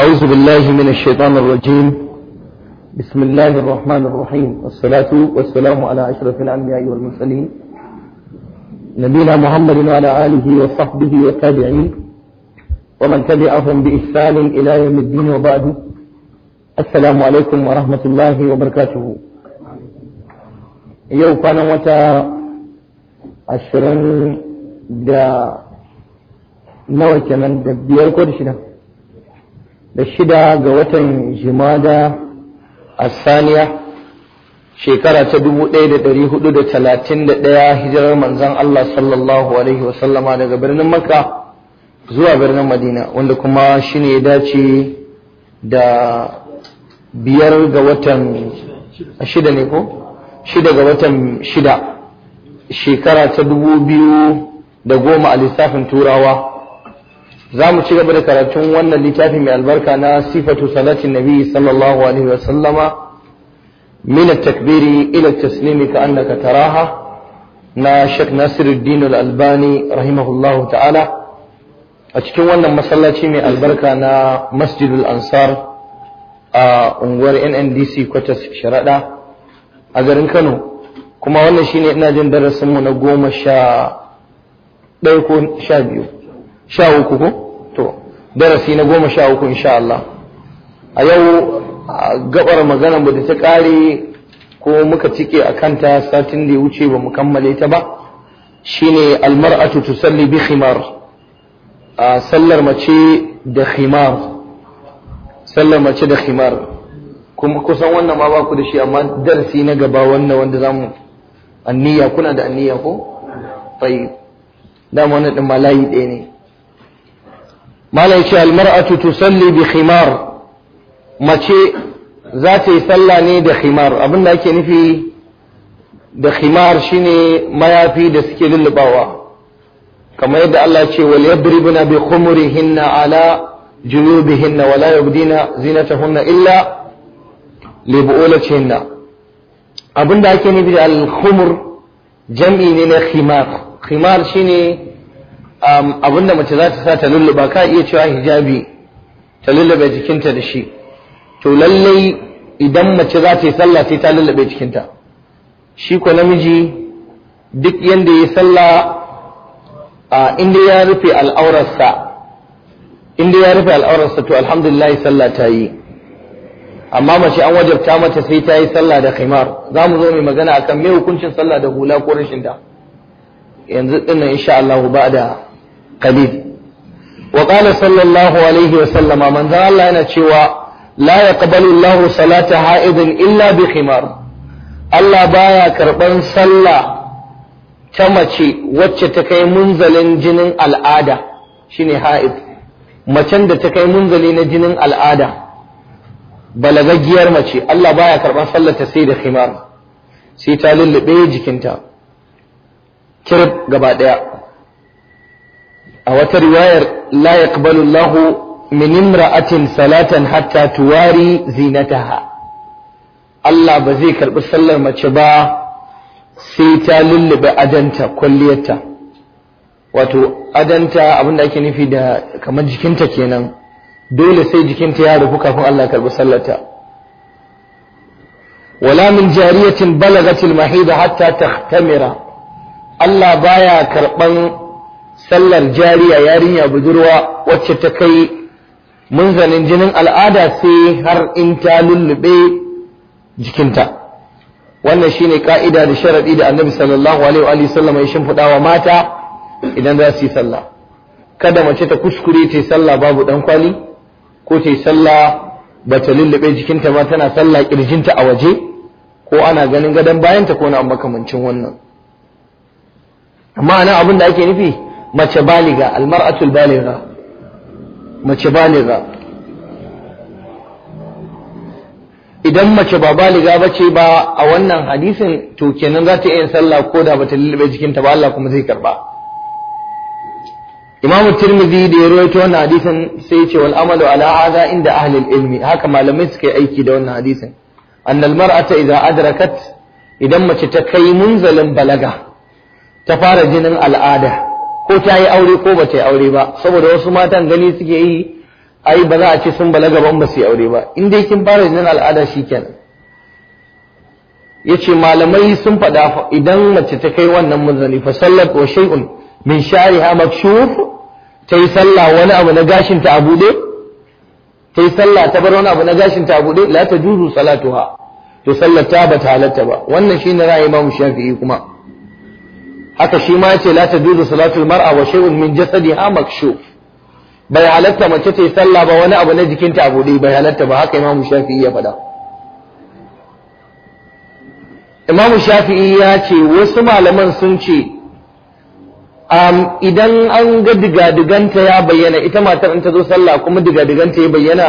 أعوذ بالله من الشيطان الرجيم بسم الله الرحمن الرحيم والصلاة والسلام على أشرف الأنبياء والمرسلين نبينا محمد وعلى آله وصحبه والتابعين ومن تبعهم بإحسان إلى يوم الدين وبعد السلام عليكم ورحمة الله وبركاته يوم كان متى عشرين دا نوكا من دا بيار da shida ga watan jimada asaniya shekara ta dubu ɗaya da ɗari hudu da talatin da ɗaya hijirar manzan Allah sallallahu alaihi wasallama daga birnin makka zuwa birnin madina wanda kuma shi ne dace da biyar ga watan shida ne ko shida ga watan shida shekara ta dubu biyu da goma a lissafin turawa za mu ci gaba da karatun wannan littafin mai albarka na sifatu salatin nabi sallallahu alaihi wa sallama min at-takbiri ila at-taslimi ka annaka taraha na shek Nasiruddin al-Albani rahimahullahu ta'ala a cikin wannan masallaci mai albarka na Masjidul Ansar a unguwar NNDC kwatas Sharada a garin Kano kuma wannan shine ina jin darasin mu na goma sha ɗaya ko sha biyu sha uku ko darasi na goma sha uku insha Allah a yau gabar maganar ba da ta ƙare ko muka cike a kanta satin da ya wuce ba mu kammale ta ba shine almar'atu tusalli bi khimar a sallar mace da khimar sallar mace da khimar kuma kusan wannan ma baku da shi amma darasi na gaba wannan wanda zamu anniya kuna da anniya ko tayyib dama wannan din malayi ɗaya ne malam yace almar'atu tusalli bi khimar mace za ta yi sallah ne da khimar abin da ake nufi da khimar shine mayafi da suke lullubawa kamar yadda Allah ce wal yadribna bi khumurihinna ala junubihinna wala yubdina zinatahunna illa li bu'ulatihinna abin da ake nufi da al khumur jam'i ne na khimar khimar shine Um, abinda mace za ta sa ta lulluba ka iya cewa hijabi ta lullube jikinta da shi to lallai idan mace za ta yi sallah sai ta lullube jikinta shi ko namiji duk yanda ya sallah a inda ya rufe al'aurarsa inda ya rufe al'aurarsa to alhamdulillah sallah ta yi amma mace an wajabta mata sai ta yi sallah da khimar za mu zo mai magana akan me hukuncin sallah da hula ko rashin da yanzu dinnan insha Allah ba da qalil wa qala sallallahu alaihi wa sallama manzo Allah yana cewa la yaqbalu Allah salata ha'idin illa bi himar. Allah baya karban sallah ta mace wacce ta kai munzalin jinin al'ada shine ha'id macen da ta kai munzali na jinin al'ada balagaggiyar mace Allah baya karban sallar ta sai da himar, sai ta lulluɓe jikinta kirib gaba ɗaya. a wata riwayar la yaqbalu Allahu min imra'atin salatan hatta tuwari zinataha Allah ba zai karbi sallar mace ba sai ta lullube adanta kulliyarta wato adanta abinda ake nufi da kamar jikinta kenan dole sai jikinta ya rufu kafin Allah karbi sallarta wala min jariyatin balagatil mahida hatta tahtamira Allah baya karban sallar jariya yarinya budurwa wacce ta kai munzanin jinin al'ada sai har in ta lullube jikinta wannan shine ka'ida da sharadi da annabi sallallahu alaihi wa sallama ya shimfiɗa wa mata idan za su yi sallah kada mace ta kuskure ta yi sallah babu dan kwali ko ta yi sallah ba ta lullube jikinta ba tana sallah kirjinta a waje ko ana ganin gadon bayanta ko na makamancin wannan amma ana abin da ake nufi mace baliga almar'atul baliga mace baliga idan mace ba baliga bace ba a wannan hadisin to kenan za ta iya sallah ko da ba ta lullube jikinta ba Allah kuma zai karba imamu tirmidhi da ya rawaito wannan hadisin sai ya ce wal amalu ala hadha inda ahli ilmi haka malamai suka yi aiki da wannan hadisin annal mar'ata idza adrakat idan mace ta kai munzalin balaga ta fara jinin al'ada ko ta yi aure ko ba ta yi aure ba saboda wasu matan gani suke yi ai ba za a ce sun balaga ba ba su yi aure ba in dai kin fara jinin al'ada Ya yace malamai sun faɗa idan mace ta kai wannan muzani, fa sallat wa shay'un min sha'riha makshuf ta yi sallah wani abu na gashin ta a ta yi sallah ta bar wani abu na gashin ta a buɗe la salatu salatuha to sallar ta ba ta halatta ba wannan shine ra'ayi Imam Shafi'i kuma haka shi ma yace la tajuzu salatul mar'a wa shay'un min jasadiha makshuf bai halatta mace ta yi sallah ba wani abu na jikinta a buɗe bai halatta ba haka imamu shafi'i ya faɗa imamu shafi'i ya ce wasu malaman sun ce idan an ga digadiganta ya bayyana ita matar in ta zo sallah kuma digadiganta ya bayyana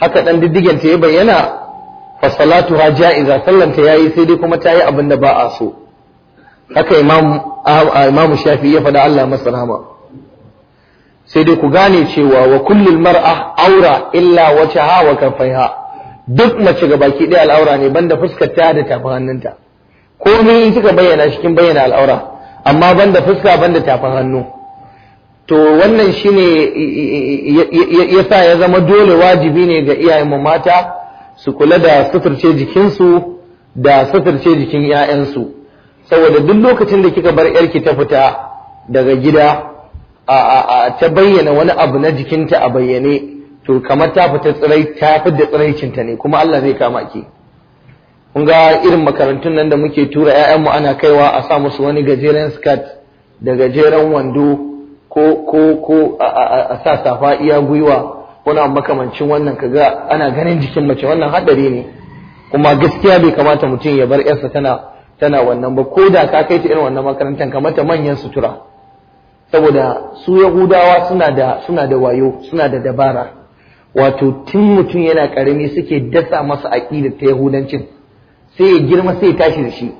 haka ɗan diddiganta ya bayyana fa ha ja'iza sallanta yayi sai dai kuma ta yi abin da ba a so haka imam shafi ya faɗa Allah masa rahama sai dai ku gane cewa wa kullul mar'a aura illa wajha wa ha duk mace ga baki ɗaya al'aura ne banda fuskar ta da tafin hannunta komai in kika bayyana shi kin bayyana al'aura amma banda fuska banda tafin hannu to wannan shine sa ya zama dole wajibi ne ga iyayen mata su kula da suturce jikinsu da suturce jikin 'ya'yansu saboda duk lokacin da kika bar yarki ta fita daga gida a a ta bayyana wani abu na jikinta a bayyane to kamar ta fita tsirai ta fidda tsiraicinta ne kuma Allah zai kama ki kun ga irin makarantun nan da muke tura 'ya'yanmu ana kaiwa a sa musu wani gajeren skirt da gajeren wando ko ko ko a sa safa iya gwiwa wani abu makamancin wannan kaga ana ganin jikin mace wannan hadari ne kuma gaskiya bai kamata mutum ya bar 'yarsa tana tana wannan ba ko da ka kai ta irin wannan makarantar kamar ta manyan sutura saboda su yahudawa suna da suna da wayo suna da dabara wato tun mutum yana karami suke dasa masa aƙida ta yahudancin sai ya girma sai ya tashi da shi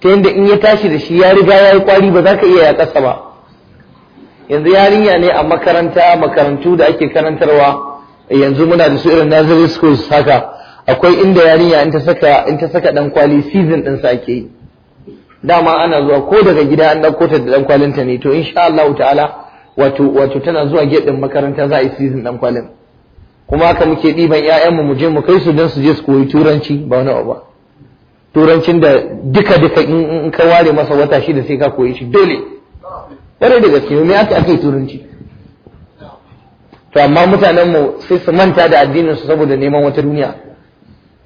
ta yadda in ya tashi da shi ya riga ya yi kwari ba za ka iya ya ƙasa ba yanzu yarinya ne a makaranta makarantu da ake karantarwa yanzu muna da su irin nursery schools haka akwai inda yarinya in ta saka in ta saka dan kwali season din sa ake yi dama ana zuwa ko daga gida an dauko ta da dan kwalin ta ne to insha Allah ta'ala wato wato tana zuwa gate din makaranta za a yi season dan kwalin kuma haka muke diban ƴaƴan mu je mu kai su dan su je su koyi turanci ba wani ba turancin da duka duka in ka ware masa wata da sai ka koyi shi dole ƙwarai da gaske me aka ake turanci to amma mutanen mu sai su manta da addinin su saboda neman wata duniya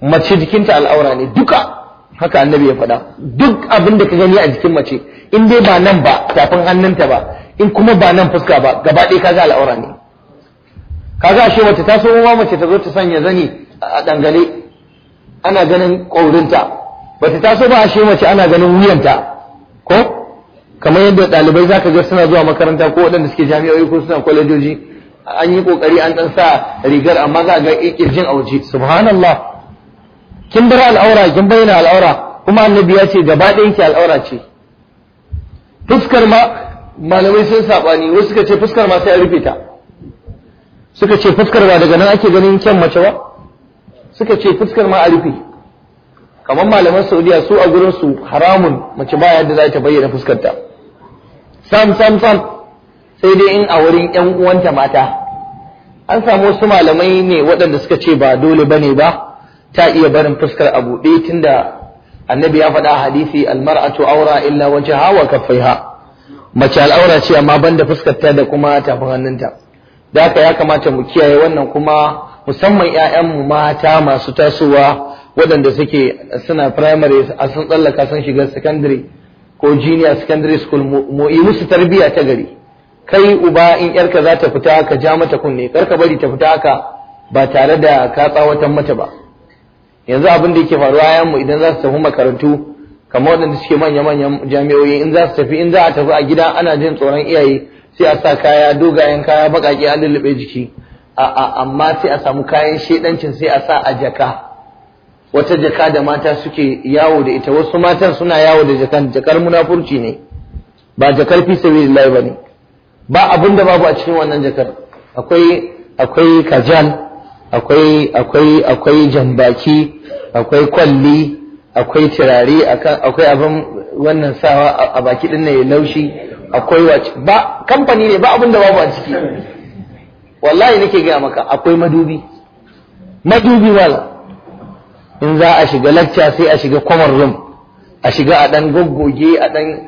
mace jikinta al'aura ne duka haka annabi ya faɗa duk abin da ka gani a jikin mace in dai ba nan ba tafin hannunta ba in kuma ba nan fuska ba gaba ɗaya kaga al'aura ne kaga ashe mace ta ma mace ta zo ta sanya zani a dangale ana ganin ƙaurinta bata taso ba ashe mace ana ganin wuyanta ko kamar yadda ɗalibai za ka ga suna zuwa makaranta ko waɗanda suke jami'o'i ko suna kwalejoji an yi ƙoƙari an ɗan sa rigar amma za a ga ƙirjin a waje subhanallah kin bar al'aura kin bayyana al'aura kuma annabi ya ce gaba ɗayan ki al'aura ce fuskar ma malamai sun sabani wasu suka ce fuskar ma sai a rufe ta suka ce fuskar ba daga nan ake ganin kyan mace ba suka ce fuskar ma a rufe kamar malaman saudiya su a gurin su haramun mace baya yadda za ta bayyana fuskar ta sam sam sam sai dai in a wurin yan uwanta mata an samu wasu malamai ne waɗanda suka ce ba dole bane ba ta iya barin fuskar a buɗe tunda annabi ya faɗa hadisi almar'atu aura illa wajha wa kaffaiha mace al'aura ce amma banda fuskar ta da kuma tafin hannunta da haka ya kamata mu kiyaye wannan kuma musamman mu mata masu tasowa waɗanda suke suna primary a sun tsallaka sun shiga secondary ko junior secondary school mu yi musu tarbiyya ta gari kai uba in yarka za ta fita ka ja mata kunne karka bari ta fita haka ba tare da ka tsawatan mata ba yanzu abin da yake faruwa ya mu idan za su tafi makarantu kamar waɗanda suke manya-manyan jami'o'i in za su tafi in za a tafi a gida ana jin tsoron iyaye sai a sa kaya dogayen kaya baƙaƙe an lullube jiki amma sai a samu kayan shedancin sai a sa a jaka wata jaka da mata suke yawo da ita wasu matan suna yawo da jakan jakar munafurci ne ba jakar fi sabilillah bane ba abin da babu a cikin wannan jakar akwai akwai kajal akwai akwai akwai jambaki akwai kwalli akwai turare akwai abin wannan sawa a baki din ya laushi akwai wace ba kamfani ne ba abin da babu a ciki wallahi nake gaya maka akwai madubi madubi wala in za a shiga lacca sai a shiga kwamar room a shiga a dan goggoge a dan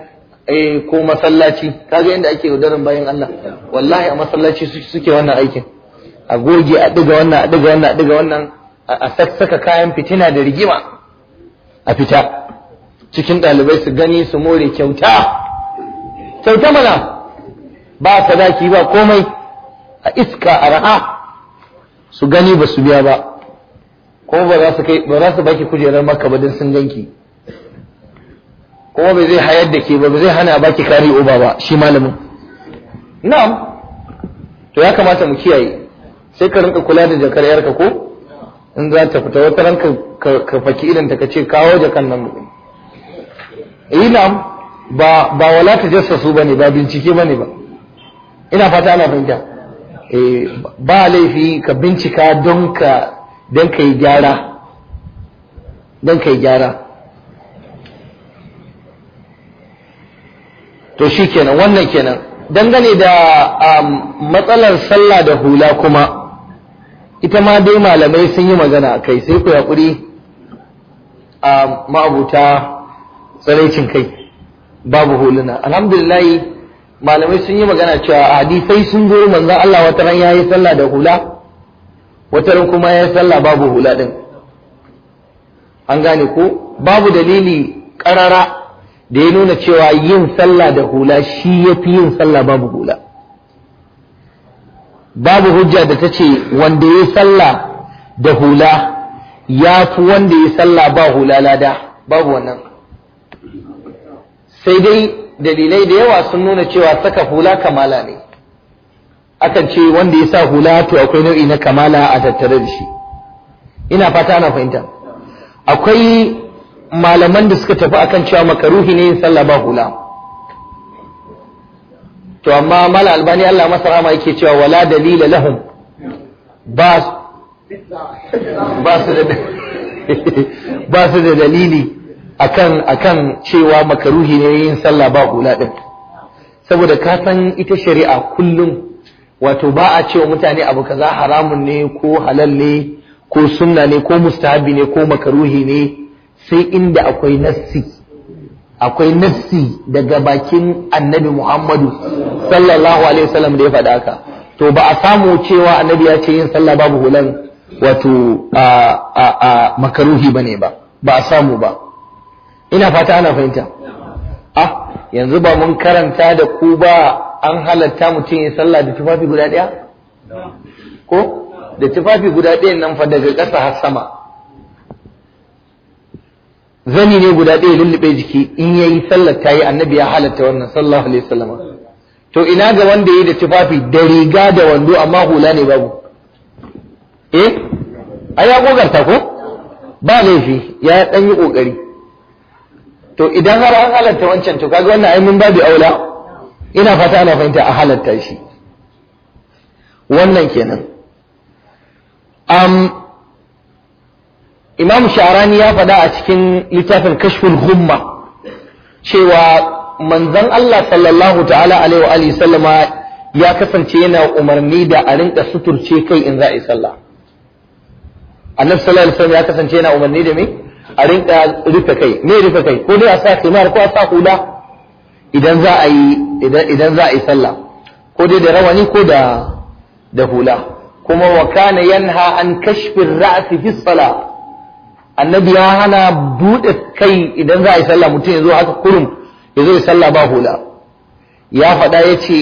eh ko masallaci kaga inda ake yaudarin bayan Allah wallahi a masallaci suke wannan aikin a goge a diga wannan a diga wannan a diga wannan a sassaka kayan fitina da rigima a fita cikin ɗalibai su gani su more kyauta kyauta mana ba ta zaki ba komai a iska a ra'a su gani ba su biya ba kuma ba za su baki kujerar maka ba don sun ganki kuma ba zai hayar da ke ba zai hana baki kari oba ba shi malamin na'am to ya kamata mu kiyaye sai ka rinka kula da jakar yarka ko in za ta fita wata ran ka faki idan ta kace kawo jakan nan ina eh, ba ba wala ta jassasu bane ba bincike bane ba ina fata ana fahimta eh ba laifi ka bincika don ka don ka yi gyara don ka yi gyara to shi kenan wannan kenan dangane da um, matsalar sallah da hula kuma ita ma dai malamai sun yi magana a kai sai ku yaƙuri a ma'abuta tsaraicin kai babu huluna alhamdulillahi malamai sun yi magana cewa a hadisai sun zo manzon Allah wata ran yayi sallah da hula wata ran kuma yayi sallah babu hula din an gane ko babu dalili karara da ya nuna cewa yin sallah da hula shi ya fi yin sallah babu hula babu hujja da ta ce wanda ya sallah da hula ya fi wanda ya sallah ba hula lada babu wannan sai dai dalilai da yawa sun nuna cewa saka hula kamala ne akan ce wanda ya sa hula to akwai nau'i na kamala a tattare da shi ina fata ana fahimta akwai malaman da suka tafi akan cewa makaruhi ne yin sallah ba hula to amma mala albani Allah masa rama yake cewa wala dalila lahum ba su da ba da dalili akan akan cewa makaruhi ne yin sallah ba hula din saboda ka san ita shari'a kullum wato ba a cewa mutane abu kaza haramun ne ko halal ne ko sunna ne ko mustahabi ne ko makaruhi ne sai inda akwai nassi akwai nassi daga bakin annabi Muhammadu sallallahu alaihi wasallam da ya faɗa haka to ba a samu cewa annabi ya ce yin sallah babu hulan wato a a a makaruhi bane ba ba a samu ba ina fata ana fahimta ah yanzu ba mun karanta da ku ba an halatta mutum yin sallah da tufafi guda ɗaya ko da tufafi guda ɗayan nan fa daga ƙasa har sama zani ne guda ɗaya lullube jiki in yayi sallar ta yi annabi ya halatta wannan sallallahu alaihi wasallam to ina ga wanda yi da tufafi da riga da wando amma hula ne babu eh ai ya kokarta ko ba laifi ya dan yi kokari to idan har an halatta wancan to kaga wannan ai mun babu aula ina fata ana fahimta a halatta shi wannan kenan am imam sharani ya faɗa a cikin littafin kashful humma cewa Manzan Allah sallallahu ta'ala alaihi wa alihi sallama ya kasance yana umarni da a rinka suturce kai in za a yi sallah annabi sallallahu alaihi wasallam ya kasance yana umarni da me a rinka rufe kai me rufe kai ko dai a sa kimar ko a sa hula idan za a yi idan za a yi sallah ko dai da rawani ko da da hula kuma wa kana yanha an kashfin ra'si fi salah annabi ya hana bude kai idan za a yi sallah mutum ya zo haka kurum ya zai ya sallah ba hula ya faɗa ya ce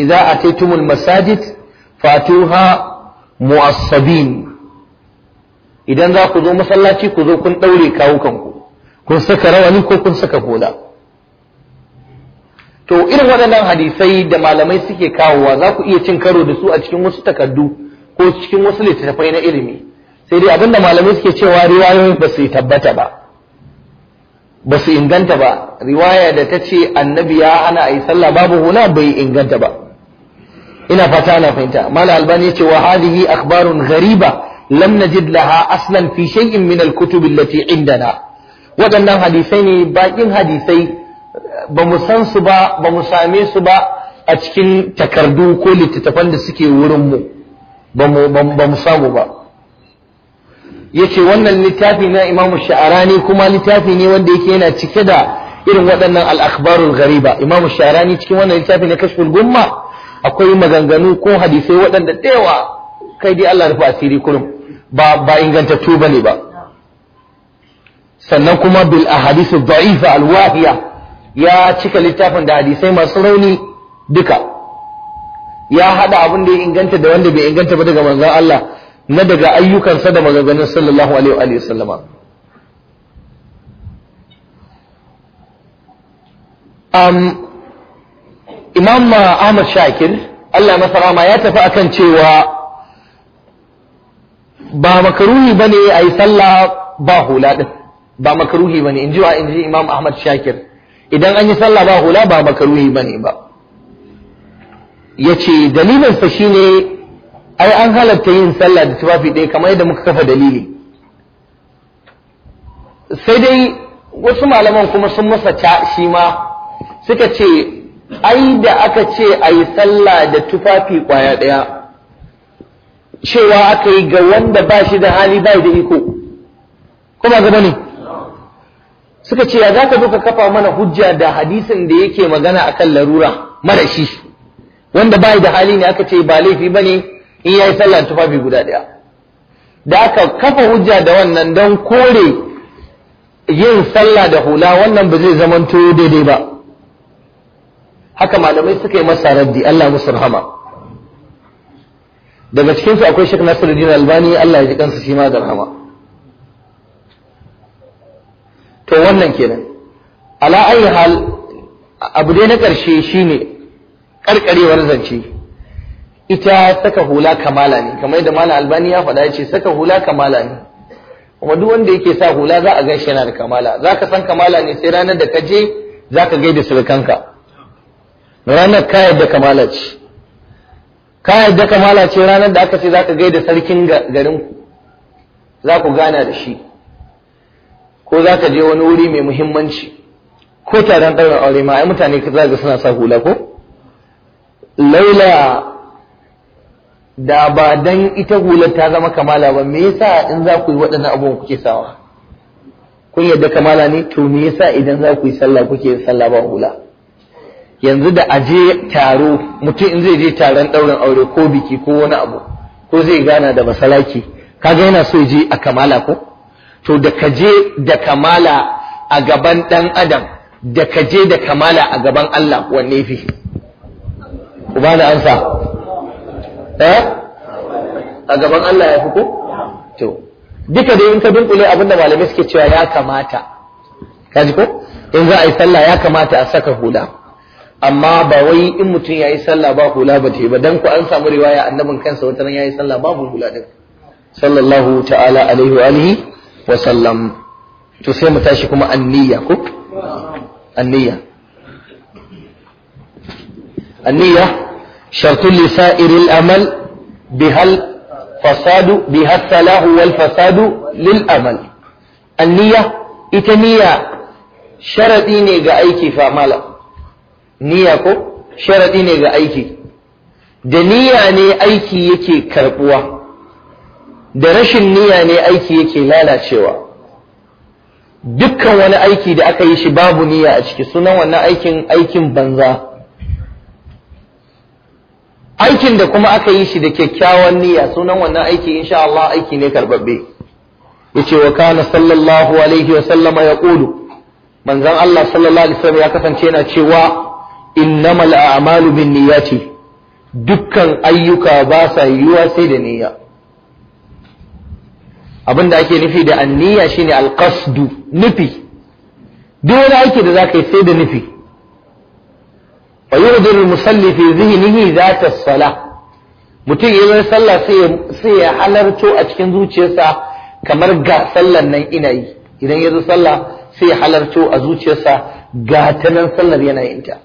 idza ataitumul masajid fatuha mu'assabin idan za ku zo masallaci ku zo kun ɗaure kawukanku kun saka rawani ko kun saka hula to irin waɗannan hadisai da malamai suke kawowa za ku iya cin karo da su a cikin wasu takardu ko cikin wasu littattafai na ilimi sai dai abinda malamai suke cewa riwayoyin ba su yi tabbata ba ba su inganta ba riwaya da ta ce annabi ya ana a yi sallah babu hula bai inganta ba ina fata ana fahimta mala albani ce wa hadihi akhbarun ghariba lam najid laha aslan fi shay'in min al-kutub allati indana waɗannan hadisai ne bakin hadisai ba mu san su ba ba mu same su ba a cikin takardu ko littattafan da suke wurin mu ba mu samu ba yace wannan littafi na imamu sha'arani kuma littafi ne wanda yake yana cike da irin waɗannan al'akbarul ghariba imamu sha'arani cikin wannan littafi na kashful gumma akwai maganganu ko hadisai waɗanda da kai dai Allah rufa asiri kurum ba ba ingantattu bane ba sannan kuma bil ahadith ad-da'ifa al-wahiya ya cika littafin da hadisai masu rauni duka ya hada abin da ya inganta da wanda bai inganta ba daga manzon Allah na daga ayyukansa da maganganun sallallahu alaihi wa sallama um, imam Ahmad Shakir Allah masarama ya tafi akan cewa ba makaruhi bane yi sallah ba hula din ba makaruhi bane inji wa inji imam Ahmad Shakir idan an yi sallah ba hula ba makaruhi bane ba ya ce dalilinsa shine ai an halatta yin sallah da tufafi ɗaya kamar yadda muka kafa dalili sai dai wasu malaman kuma sun masa ta shi ma suka ce ai da aka ce a yi sallah da tufafi ƙwaya ɗaya cewa aka yi ga wanda ba shi da hali ba da iko kuma gaba ne suka ce ya za ka zo kafa mana hujja da hadisin da yake magana akan larura mara shi wanda ba da hali ne aka ce ba laifi ba ne in yayi sallah tufafi guda ɗaya da aka kafa hujja da wannan don kore yin sallah da hula wannan ba zai zamanto daidai ba haka malamai suka yi masa raddi Allah musu rahama daga cikinsu akwai Sheikh Nasiruddin Albani Allah ya ji kansa shi ma da rahama to wannan kenan ala hal abu dai na ƙarshe shine karkarewar zance ita saka hula kamala ne kamar yadda malam albani ya faɗa ya ce saka hula kamala ne kuma duk wanda yake sa hula za a ganshi yana da kamala za ka san kamala ne sai ranar da ka je za ka gaida surukanka ranar ka yadda kamala ce ka yadda kamala ce ranar da aka ce za ka gaida sarkin garinku za ku gana da shi ko za ka je wani wuri mai muhimmanci ko taron ɗaurin aure ma ai mutane za ka suna sa hula ko laula da ba dan ita hular ta zama kamala ba me yasa in za ku yi waɗannan abubuwan kuke sawa kun yadda kamala ne to me yasa idan za ku yi sallah kuke yin sallah ba hula yanzu da aje taro mutum in zai je taron ɗaurin aure ko biki ko wani abu ko zai gana da masalaki kaga yana so je a kamala ko to da kaje da kamala a gaban ɗan adam da kaje da kamala a gaban Allah wanne fi ku ba da ansa eh a gaban Allah ya fi ku? to duka dai in ka dunkule abinda malamai suke cewa ya kamata ka ji ko in za a yi sallah ya kamata a saka hula amma ba wai in mutum ya yi sallah ba hula ba ta yi ba dan ku an samu riwaya annabin kansa wata nan ya yi sallah babu hula din sallallahu ta'ala alaihi wa alihi wa sallam to sai mu tashi kuma anniya ko anniya anniya شرط لسائر الأمل بها الفساد بها الصلاح والفساد للأمل النية إتنية sharaɗi ne ga aiki fa niyya ko sharaɗi ne ga aiki da niyya ne aiki yake karɓuwa da rashin niyya ne aiki yake lalacewa dukkan wani aiki da aka yi shi babu niyya a ciki sunan wannan aikin aikin banza aikin da kuma aka yi shi da kyakkyawan niyya sunan wannan aiki insha Allah aiki ne karbabbe yace wa kana sallallahu alaihi wa sallama yaqulu manzon Allah sallallahu alaihi wasallam ya kasance yana cewa innamal a'malu niyyati dukkan ayyuka ba sa yiwuwa sai da niyya abin da ake nufi da niyya shine alqasdu nufi duk wani aiki da zaka yi sai da nufi wa yurdil musalli fi zihnihi zata as-salah mutum yayin sallah sai ya halarto a cikin zuciyarsa kamar ga sallar nan ina yi idan yazo sallah sai ya halarto a zuciyarsa ga ta nan sallar yana yin ta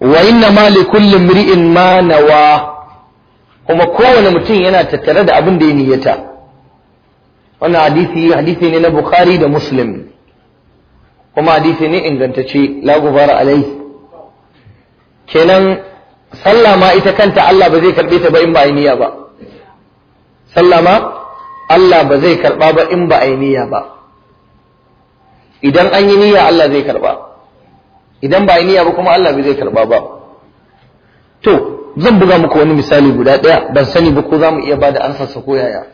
wa inna ma li kulli imri'in ma nawa kuma kowane mutum yana tattare da abin da ya niyyata wannan hadisi hadisi ne na bukhari da muslim kuma hadisi ne ingantacce la gubara alai kenan sallah ma ita kanta Allah ba zai karbe ta ba in ba ainiya ba sallah ma Allah ba zai karba ba in ba ainiya ba idan an yi niyya Allah zai karba idan ba niyya ba kuma Allah ba zai karba ba to zan buga muku wani misali guda ɗaya ban sani ba ko za mu iya ba da ansa sa ko yaya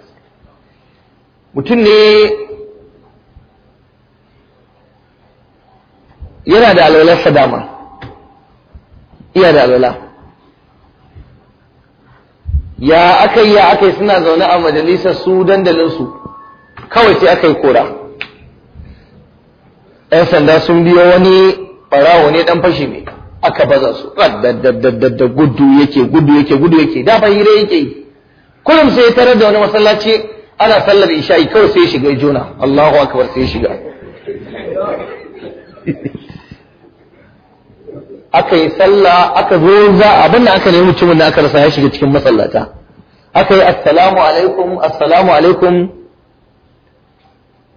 mutum ne yana da alwalarsa dama iya da alwala ya aka yi ya aka yi suna zaune a majalisar su dandalinsu kawai sai aka yi kora ‘yan sanda sun biyo wani farawo ne ɗan fashi ne aka baza su da gudu yake gudu yake gudu yake da fa hira yake yi kullum sai ya tarar da wani masallaci ana sallar isha'i kawai sai ya shiga juna Allahu akbar sai ya shiga aka yi sallah aka zo za abin da aka nemi mutumin da aka rasa ya shiga cikin masallata aka yi assalamu alaikum assalamu alaikum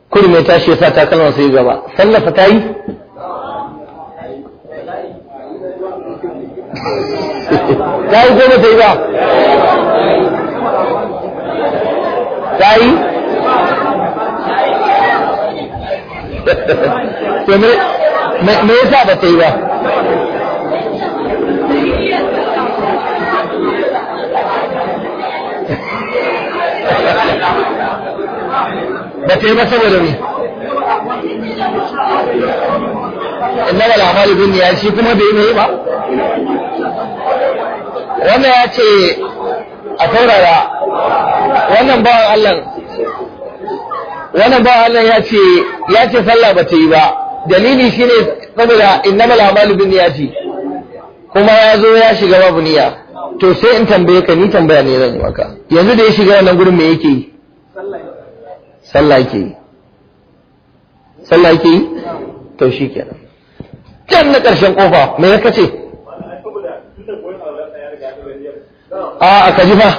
kudu mai tashi ya sa takalma sai gaba sallafa ta yi ta yi goma ta yi ba ta yi me yasa ba ta yi ba ba ta yi ba saboda me innama al'amalu bin ya shi kuma bai mai ba wannan ya ce a taurara wannan bawan Allah wannan bawan Allah ya ce ya ce sallah ba ta yi ba dalili shine saboda innama al'amalu bin ya ce kuma ya zo ya shiga babu niyya to sai in tambaye ka ni tambaya ne zan yi maka yanzu da ya shiga wannan gurin me yake yi sallah yake yi sallah yake yi to shi kenan can na ƙarshen ƙofa me ya kace a kaji fa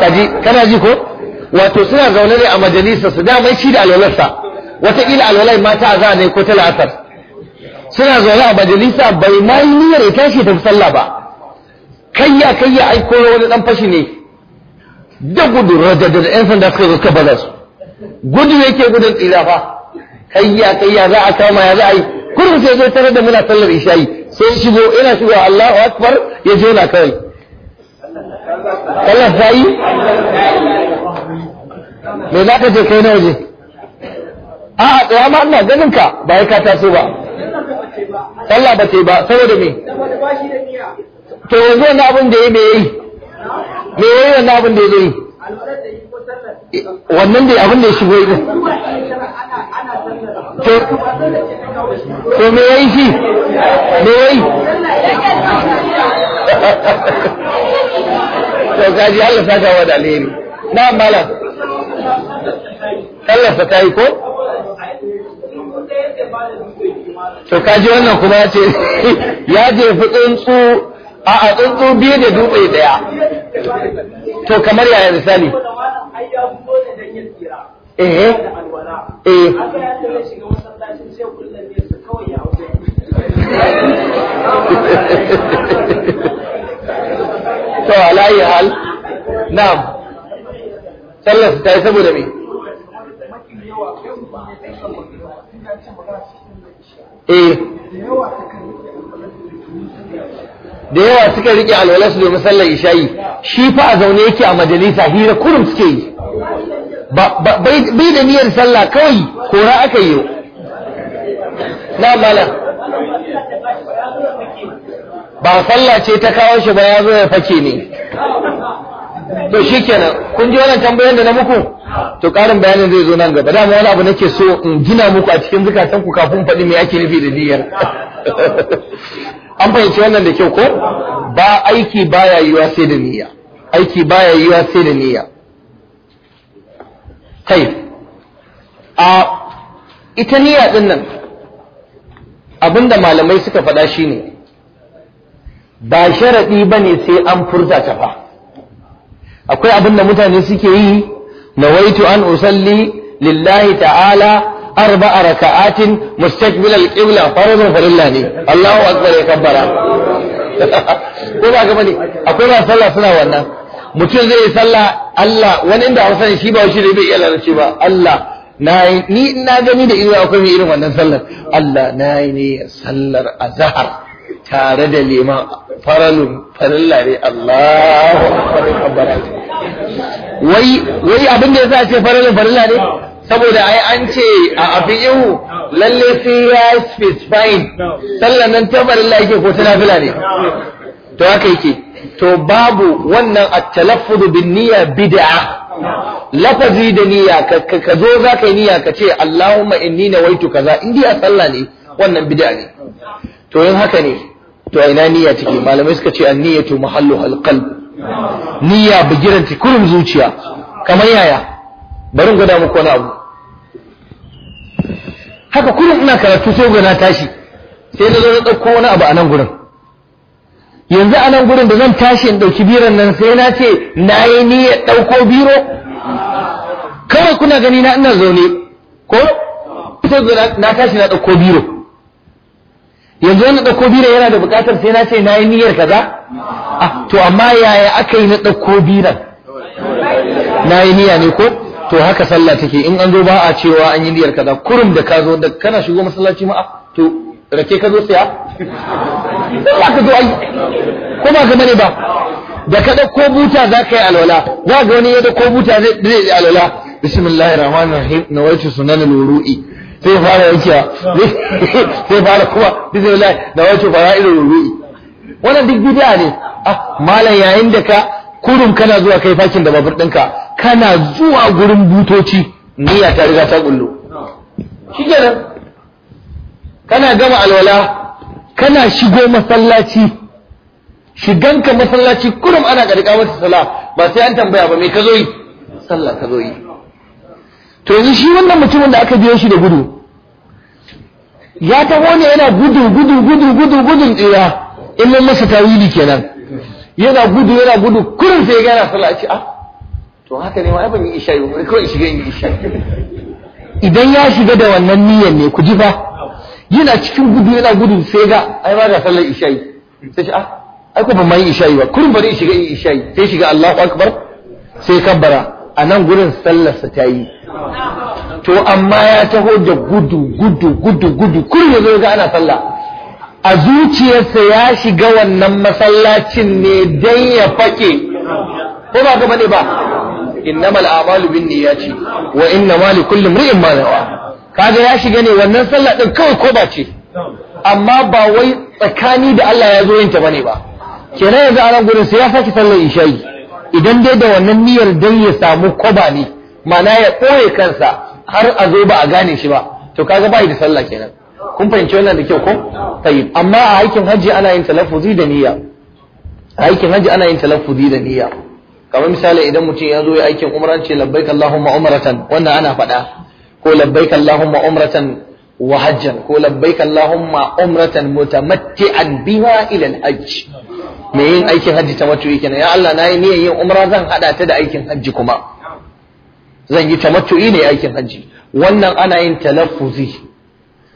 kaji kana ji ko wato suna zaune ne a majalisa su dama shi da alwalarsa wataƙila alwalai mata za ne ko ta la'asar suna zaune a majalisa bai ma yi niyyar ya tashi tafi sallah ba kayya kayya ai ko wani dan fashi ne da gudu rajadar yan sanda suka zo suka bazar su gudu yake gudun tsira fa kayya kayya za a kama ya za a yi kurum sai zai tare da muna sallar isha'i sai shigo ina shigo Allahu akbar ya na kawai Allah sai me za ka je kai na waje a a tsaya ma ina ganin ka ba ya ka taso ba sallah ba ce ba saboda me to yanzu wannan abin da ya me yayi me yayi wannan abin da ya yi wannan dai abin da ya shigo din to me yi shi me yi to gaji Allah saka wa wada alheri na malam Allah ta yi ko to kaji wannan kuma ya ce ya jefi tsuntsu a a tsuntsu biyu da dutse daya to kamar yaya misali ya tsira eh eh to alayi hal na'am sallar ta yi saboda me eh da yawa suka rike alwalarsu domin sallar isha'i shi fa a zaune yake a majalisa hira kurum suke yi bai da niyyar sallah kawai kora aka yi na mala ba sallah ce ta kawo shi ba ya zo ya fake ne to kenan kun ji wannan tambayar da na muku to karin bayanin zai zo nan gaba dama wani abu nake so in gina muku a cikin zukatan ku kafin faɗi me ake nufi da niyyar an fahimci wannan da kyau ko ba aiki baya yiwa sai da niyya aiki baya yiwa sai da niyya kai a ita niyya din nan abinda malamai suka faɗa shine ba sharaɗi ba ne sai an furta ta fa akwai abinda mutane suke yi nawaitu an usalli lillahi ta'ala أربع ركعات مستقبل qibla فرض farillah ne Allahu akbar ya kabbara. ko ba ga bane akwai ba sallah suna wannan mutum zai yi sallah Allah wani inda Hausa ne shi ba shi da bai iya lalace ba Allah yi ni na gani da iya akwai mai irin wannan sallar Allah yi ne sallar azhar tare da liman faralun farilla ne Allahu akbar wai wai abin da yasa ce faralun farilla ne saboda ai an ce a abin yau lalle sai ya specify sallan nan ta farilla yake ko ta nafila ne to haka yake to babu wannan at-talaffuz bin niyya bid'a lafazi da niyya ka zo za ka yi niyya ka ce Allahumma inni nawaitu kaza indi a sallah ne wannan bid'a ne to in haka ne to ina niyya take malamai suka ce an-niyyatu mahallu al-qalb niyya bigiran kurum zuciya kamar yaya bari in gwada muku wani abu haka kurum ina karatu sai gona tashi sai na zo na ɗauko wani abu a nan gurin yanzu a nan gurin da zan tashi in ɗauki biran nan sai na ce na yi niyyar ɗauko biro kawai kuna gani na ina zaune ko sai na tashi na ɗauko biro yanzu wani ɗauko biro yana da buƙatar sai na ce na yi niyyar kaza ah, to amma yaya aka yi na ɗauko biran na yi niyya ne ko to haka sallah take in an zo ba a cewa an yi niyyar kaza kurum da ka zo da kana shigo masallaci ma ah, to rake ka zo siya ba ka zo ai ko ba gaba ne ba da ka ko buta za ka yi alwala za ga wani ya ɗauko buta zai yi alwala bismillahir rahmanir rahim wacce sunanul wuru'i sai fara yankiya sai fara kuma bismillah fara irin wuru'i wannan duk bidiya ne ah malam yayin da ka kurum kana zuwa kai fakin da babur ɗinka kana zuwa gurin butoci niyya ta riga ta kullu shi kenan kana gama alwala kana shigo masallaci shiganka masallaci kurum ana ƙarƙa mata sala ba sai an tambaya ba me ka zo yi sallah ka zo yi to yanzu shi wannan mutumin da aka biyo shi da gudu ya taho ne yana gudu gudu gudu gudu gudun tsira in mun masa tawili kenan yana gudu yana gudu kullum sai ga yana sallah ci ah to haka ne ma ai ban yi isha yi kawai shiga yin isha idan ya shiga da wannan niyyar ne ku ji fa yana cikin gudu yana gudu sai ga ai ba da sallar isha'i sai shi ah ai ko ban ma yi isha'i ba kurin bari shiga yi isha'i sai shiga Allahu akbar sai kabbara a nan gurin sallarsa ta yi to amma ya taho da gudu gudu gudu gudu kullum ya zo ga ana sallah a zuciyarsa ya shiga wannan masallacin ne dan ya fake ko ba ga bane ba innamal a'malu binniyati wa innamal likulli imrin ma nawa kaga ya shiga ne wannan sallah din kawai ko ba ce amma ba wai tsakani da Allah ya zo yin ta bane ba kenan yanzu a nan gurin sai ya saki sallar isha'i idan dai da wannan niyyar dan ya samu koba ne mana ya koye kansa har a zo ba a gane shi ba to kaga ba yi da sallah kenan kun fahimci wannan da kyau ko tayyib amma a aikin haji ana yin talaffuzi da niyya a aikin haji ana yin talaffuzi da niyya kamar misali idan mutum ya zo ya aikin umran ce labbaik allahumma umratan wannan ana faɗa ko labbaik Allahumma umratan wa hajjan ko labbaik Allahumma umratan mutamatti'an biha ila al-hajj me yin aikin hajji tamattu'i kenan ya Allah nayi niyyar yin umra zan hada ta da aikin hajji kuma zan yi tamattu'i ne aikin hajji wannan ana yin talaffuzi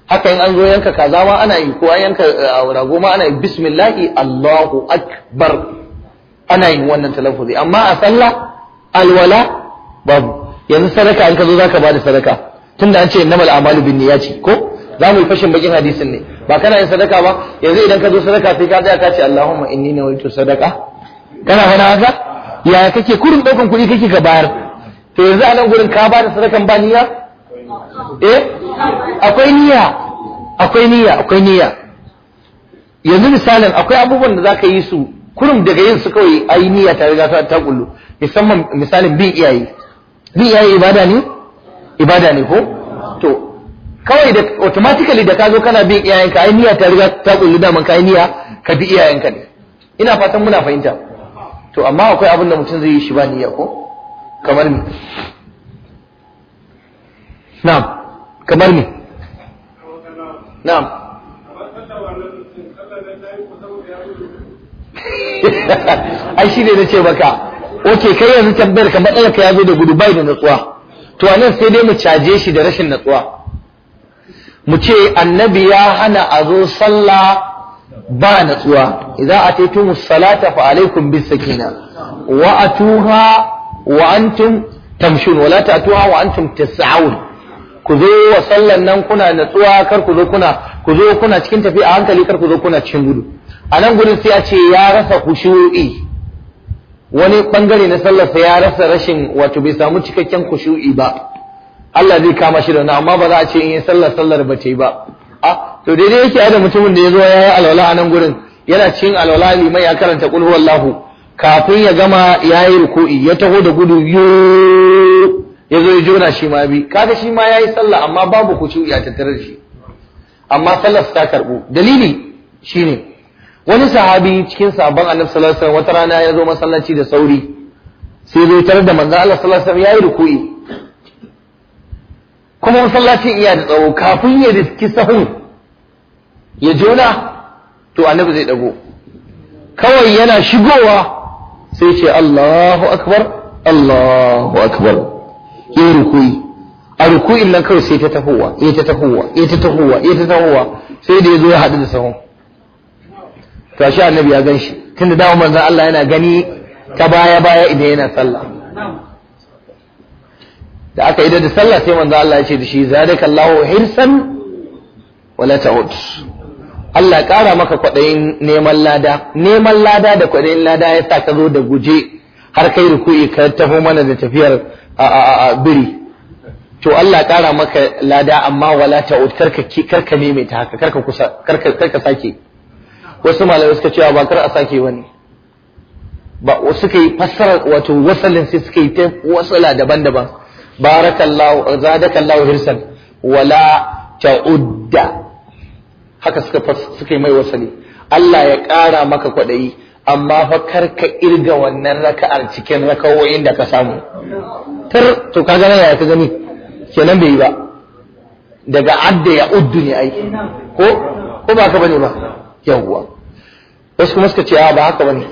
haka in an zo yanka kaza ma ana yi ko an yanka uh, rago ma ana yi bismillahi Allahu akbar ana yin wannan talaffuzi amma a sallah alwala babu yanzu sadaka in ka zo zaka bada sadaka tunda an ce innamal a'malu binniyati ko za mu yi fashin bakin hadisin ne ba kana yin sadaka ba yanzu idan ka zo sadaka sai ka tsaya ka ce Allahumma inni nawaitu sadaka kana hana haka yaya kake kurin daukan kuɗi kake ka bayar to yanzu a nan gurin ka ba da sadakan ba niyya eh akwai niyya akwai niyya akwai niyya yanzu misalin akwai abubuwan da zaka yi su kurum daga yin su kawai ai niyya ta da ta kullu musamman misalin bin iyaye bin iyaye ibada ne ibada ne ko to kawai da automatically da ka zo kana bin iyayenka ai niyya ta riga ta kulli da ka ai niyya ka bi iyayenka ne ina fatan muna fahimta to amma akwai abin da mutum zai yi shi ba niyya ko kamar ni. na'am kamar ni. na'am ai shi ne na ce baka Oke, kai yanzu tambayar kamar ɗaya ka ya da gudu bai da natsuwa to anan sai dai mu caje shi da rashin natsuwa mu ce annabi ya hana a zo sallah ba natsuwa idza ataytum salata fa alaikum bis sakina wa atuha wa antum tamshun wala ta'tuha wa antum tas'aun ku zo wa sallan nan kuna natsuwa kar ku zo kuna ku zo kuna cikin tafi a hankali kar ku zo kuna cikin gudu a nan sai a ce ya rasa khushu'i wani bangare na sallarsa ya rasa rashin wato bai samu cikakken kushu'i ba Allah zai kama shi da wani amma ba za a ce in yi sallar sallar ba yi ba a to daidai yake ada mutumin da ya zo ya yi alwala a nan gurin yana cin alwala limai ya karanta kul huwallahu kafin ya gama ya yi ruku'i ya taho da gudu biyu ya zo ya jona shi ma bi kaga shi ma ya yi sallah amma babu kushu'i a tattare da shi amma sallar ta karbu dalili shine wani sahabi cikin sabon annabi sallallahu alaihi wasallam wata rana ya zo masallaci da sauri sai zai tare da manzo Allah sallallahu alaihi wasallam yayi ruku'i kuma masallacin iya da tsawo kafin ya riski sahun ya jona to annabi zai dago kawai yana shigowa sai ce Allahu akbar Allahu akbar yayi ruku'i a ruku'in nan kawai sai ta tahowa ya ta tahowa ya ta tahowa ya ta tahowa sai da ya zo ya haɗu da sahun to shi annabi ya gan shi tunda dawo manzan Allah yana gani ta baya baya idan yana sallah da aka idan da sallah sai manzan Allah ya ce da shi zalika Allahu hirsan wala ta'ud Allah ƙara maka kwaɗayin neman lada neman lada da kwaɗayin lada ya sa ka zo da guje har kai ruku'i ka taho mana da tafiyar a biri to Allah kara maka lada amma wala ta'ud karka karka ta haka karka kusa karka karka sake wasu malamai suka cewa ba kar a sake wani ba suka yi fassara wato wasalin sai suka yi ta wasala daban-daban barakallahu zadakallahu hirsan wala ta'udda haka suka suka mai wasali Allah ya ƙara maka kwaɗayi amma fa kar ka irga wannan raka'ar cikin rakawoyin da ka samu tar to ka gane ya ka gani kenan bai yi ba daga adda ya uddu ne ai ko ko ba ka bane ba yawwa wasu kuma suka ce a ba haka bane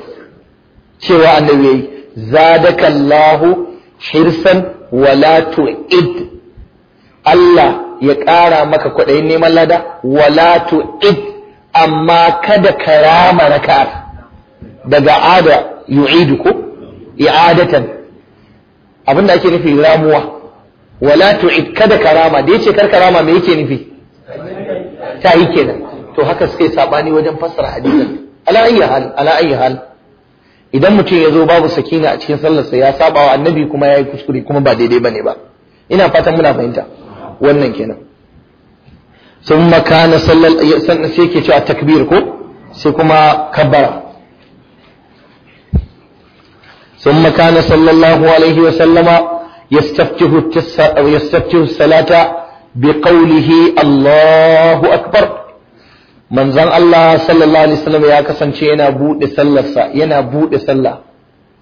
cewa annabi yayi zadakallahu hirsan wala tu'id Allah ya ƙara maka kwaɗayin neman lada wala tu'id amma kada ka rama raka'ar daga ada yu'idu ko i'adatan abinda ake nufi ramuwa wala tu'id kada ka rama da yace kar ka rama me yake nufi ta yi kenan to haka suka yi sabani wajen fassara hadisin ala ayyi hal ala ayyi hal idan mutum ya zo babu sakina a cikin sallarsa ya saba wa annabi kuma ya yi kuskure kuma ba daidai ba ne ba ina fatan muna fahimta wannan kenan sun makana sallar sannan sai ke cewa takbir ko sai kuma kabbara sun makana sallallahu alaihi wa sallama يستفتح الصلاة بقوله Allahu akbar. manzon Allah sallallahu alaihi wasallam ya kasance yana buɗe sallarsa yana buɗe sallah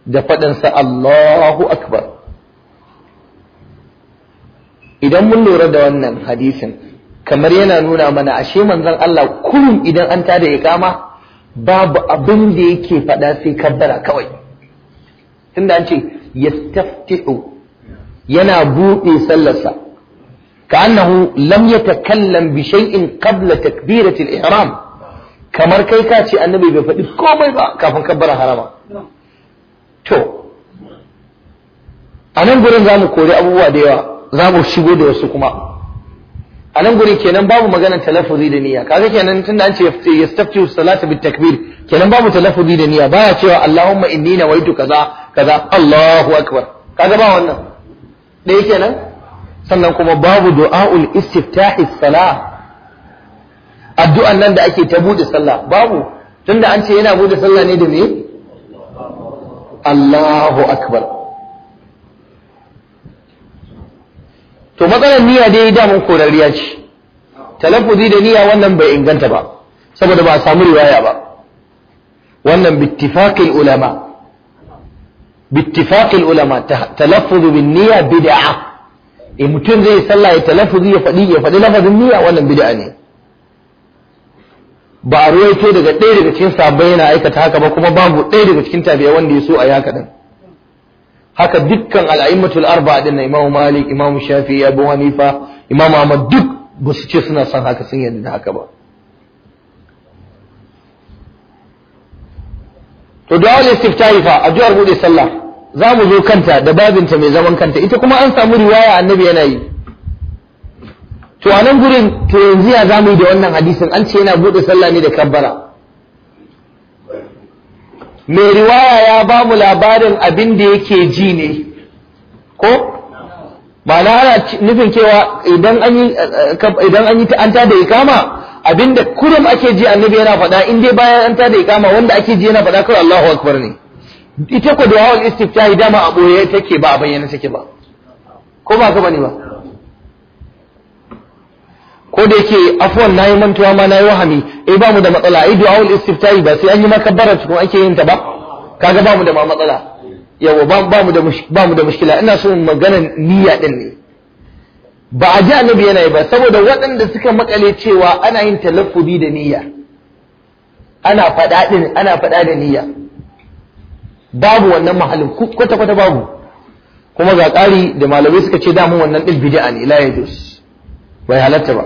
da fadin Allahu akbar idan mun lura da wannan hadisin kamar yana nuna mana ashe manzon Allah kullum idan an tada iqama babu abin da yake faɗa sai kabbara kawai tunda an ce yastafti'u yana buɗe sallarsa كأنه لم يتكلم بشيء قبل تكبيرة الإحرام كما كي كاتي النبي بفدي كومي با كافن كبر حرما تو anan gurin za mu kori abubuwa da yawa za mu shigo da wasu kuma a nan guri kenan babu maganar talafuzi da niyya kaga kenan tunda an ce yastafti salatu bit takbir kenan babu talafuzi da niyya baya cewa allahumma inni nawaitu kaza kaza allahu akbar kaga ba wannan kenan sannan kuma babu du'a'ul istiftahi salah addu'an nan da ake ta buɗe sallah babu tunda an ce yana buɗe sallah ne da me Allahu akbar to matsalar niyya dai da mun korariya ce talaffuzi da niyya wannan bai inganta ba saboda ba a samu riwaya ba wannan bittifaqil ulama bittifaqil ulama talaffuzu bin niyya bid'a eh mutum zai sallah ya talaffuzi ya faɗi ya faɗi lafazin niyya wannan bid'a ne ba a ruwaito daga ɗaya daga cikin sabai yana aikata haka ba kuma babu ɗaya daga cikin tabiya wanda ya so a yaka din haka dukkan al'aimatul arba din Imam Malik Imam ya Abu Hanifa Imam Ahmad duk ba su ce suna son haka sun yanzu da haka ba to da wani istiftahi fa addu'ar bude sallah za mu zo kanta da babinta mai zaman kanta ita kuma an samu riwaya annabi yana yi to a nan gurin to yanzu ya za mu yi da wannan hadisin an ce yana buɗe sallah ne da kabbara mai riwaya ya ba mu labarin abin da yake ji ne ko ba na ana nufin cewa idan an yi an ta ikama abinda kurum ake ji annabi yana faɗa in dai bayan an ta da ikama wanda ake ji yana faɗa kawai Allahu akbar ne ita ko da wawal istiftahi dama a boye take ba a bayyana take ba ko ba ka bane ba ko da yake afwan nayi mantuwa ma nayi wahami eh ba mu da matsala ai du'aul istiftahi ba sai an yi makabbara ko ake yin ta ba kaga ba mu da ma matsala yawa ba mu da ba mu da mushkila ina so magana niyya din ne ba a ji annabi yana yi ba saboda waɗanda suka makale cewa ana yin talaffuzi da niyya ana faɗa din ana faɗa da niyya babu wannan mahalin kwata kwata babu kuma ga ƙari da malamai suka ce damun wannan ɗin bid'a ne la yajuz bai halatta ba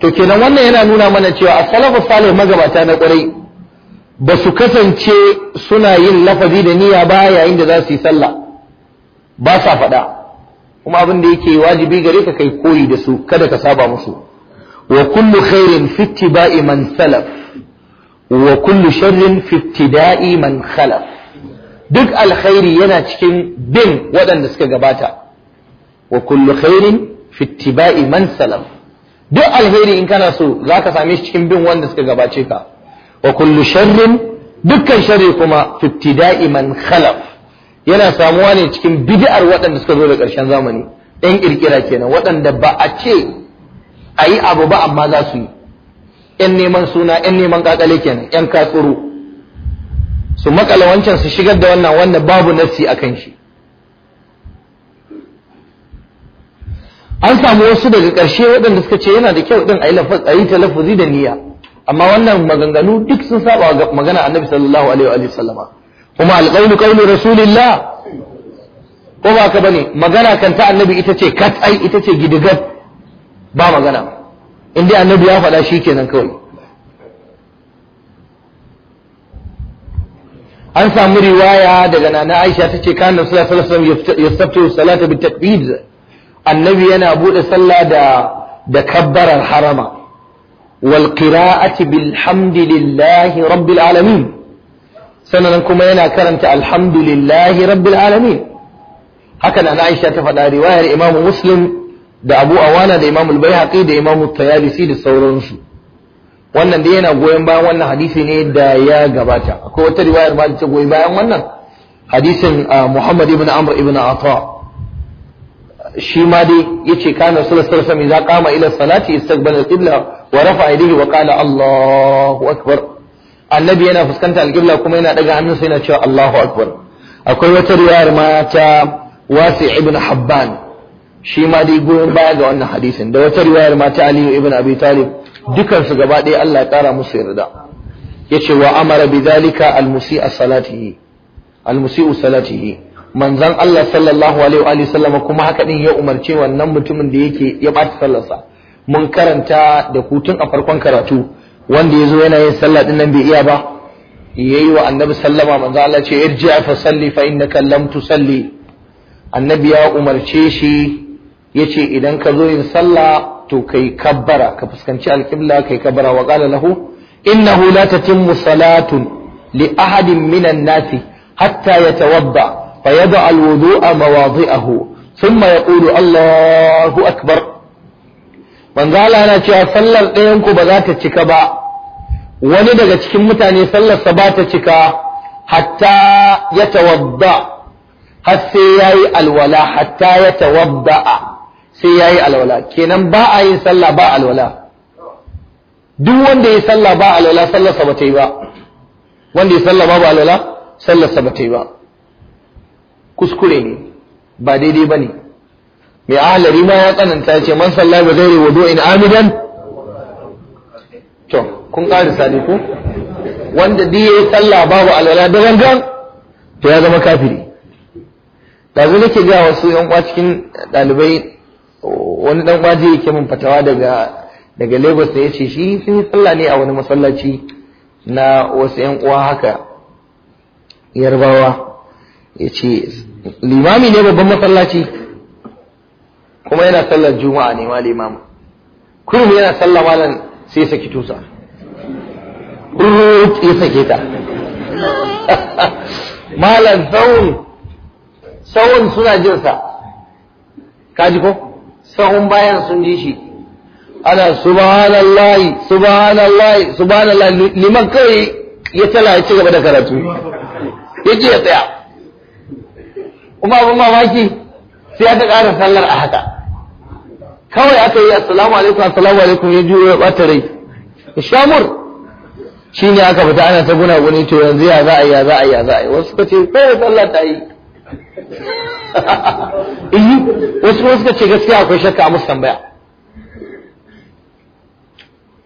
to kenan wannan yana nuna mana cewa a salafu salih magabata na ƙwarai ba su kasance suna yin lafazi da niyya ba yayin da za su yi sallah ba sa faɗa kuma abin da yake wajibi gare ka kai koyi da su kada ka saba musu wa kullu khairin fi ittiba'i man salaf wa kullu sharrin fi ibtida'i man khalaf duk alkhairi yana cikin bin waɗanda suka gabata wa kullu khairin fi man salaf duk alheri in kana so zaka same shi cikin bin wanda suka gabace ka wa kullu sharrin dukkan sharri kuma fi ibtida'i man khalaf yana samuwa ne cikin bid'ar waɗanda suka zo da ƙarshen zamani ɗan ƙirƙira kenan waɗanda ba a ce a yi abu ba amma za su yi 'yan neman suna 'yan neman kakale kenan 'yan katsuru su makala wancan su shigar da wannan wanda babu nassi a kan shi an samu wasu daga ƙarshe waɗanda suka ce yana da kyau ɗin a yi lafuzi da niyya amma wannan maganganu duk sun saba ga magana annabi sallallahu alaihi wa sallama kuma alƙaunu ƙaunu rasulillah ko ba ka bane magana kan ta annabi ita ce kat ita ce gidigar ba magana in annabi ya faɗa shi kenan kawai an samu riwaya daga nana aisha ta ce kana sallallahu alaihi wasallam yastaftu salata bi takbir annabi yana bude sallah da da kabbarar harama wal qira'ati bilhamdillahi rabbil alamin sannan kuma yana karanta alhamdulillahi rabbil alamin haka nana aisha ta faɗa riwayar imamu muslim da Abu Awana da imamul bai da Imam al-Tayalisi da sauransu wannan da yana goyon bayan wannan hadisi ne da ya gabata akwai wata riwayar ba ta goyi bayan wannan hadisin ah, Muhammad ibn Amr ibn Ata shi ma dai yace kana sallallahu alaihi wasallam idza qama ila salati istaqbala al-qibla wa rafa'a yadihi wa qala Allahu akbar annabi yana fuskantar al-qibla kuma yana daga hannunsa yana cewa Allahu akbar akwai wata riwayar ma ta Wasi ibn Habban shi ma dai goyon baya ga wannan hadisin da wata riwayar ma ta Aliyu ibn Abi Talib dukan su gaba ɗaya Allah ya ƙara musu yarda yace wa amara bidhalika almusi'a salatihi almusi'u salatihi manzon Allah sallallahu alaihi wa sallam kuma haka din ya umarce wannan mutumin da yake ya bata sallarsa mun karanta da kutun a farkon karatu wanda yazo yana yin sallah din nan bai iya ba yayi wa annabi sallama manzo Allah ce irji fa salli fa innaka lam tusalli annabi ya umarce shi yace idan ka zo yin sallah to kai kabbara ka fuskanci alqibla kai kabbara wa qala lahu innahu la tatimmu salatun li ahadin minan nasi hatta yatawadda فيضع الوضوء مواضعه ثم يقول Allahu akbar. من قال أنا cewa sallar ɗayanku ba za ta cika ba wani daga cikin mutane sallar sa ba ta cika hatta ya tawadda har sai yayi alwala hatta ya tawadda sai ya yi alwala kenan ba a yin sallah ba alwala duk wanda ya yi sallah ba alwala sallarsa ba ta yi ba wanda ya yi sallah ba alwala sallarsa ba ta yi ba kuskure ne ba daidai ba ne mai ahalari ma ya tsananta ya ce man sallah ba zai wado in amidan to kun karisa ne ko wanda duk ya yi sallah babu alwala da gangan to ya zama kafiri da nake ga wasu yan uwa cikin ɗalibai wani dan waje yake min fatawa daga daga Lagos da yace shi sun yi sallah ne a wani masallaci na wasu ƴan uwa haka Yarbawa yace limami ne babban masallaci kuma yana sallar juma'a ne ma limam. Kullum yana sallah malam sai ya saki tusa rut ya sake ta malam tsawon suna jinsa kaji ko sahun bayan sun ji shi ana subhanallahi subhanallahi subhanallahi liman kai ya tala ya ci gaba da karatu yake ya tsaya kuma abin mamaki sai aka ƙara sallar a haka kawai aka yi assalamu alaikum assalamu alaikum ya juyo ya ɓata rai shamur shi ne aka fita ana ta guna guni to yanzu ya za a yi ya za a yi ya za a yi wasu kace ce kawai sallar ta yi iyi eh, wasu kuma suka ce gaskiya akwai shakka a musu tambaya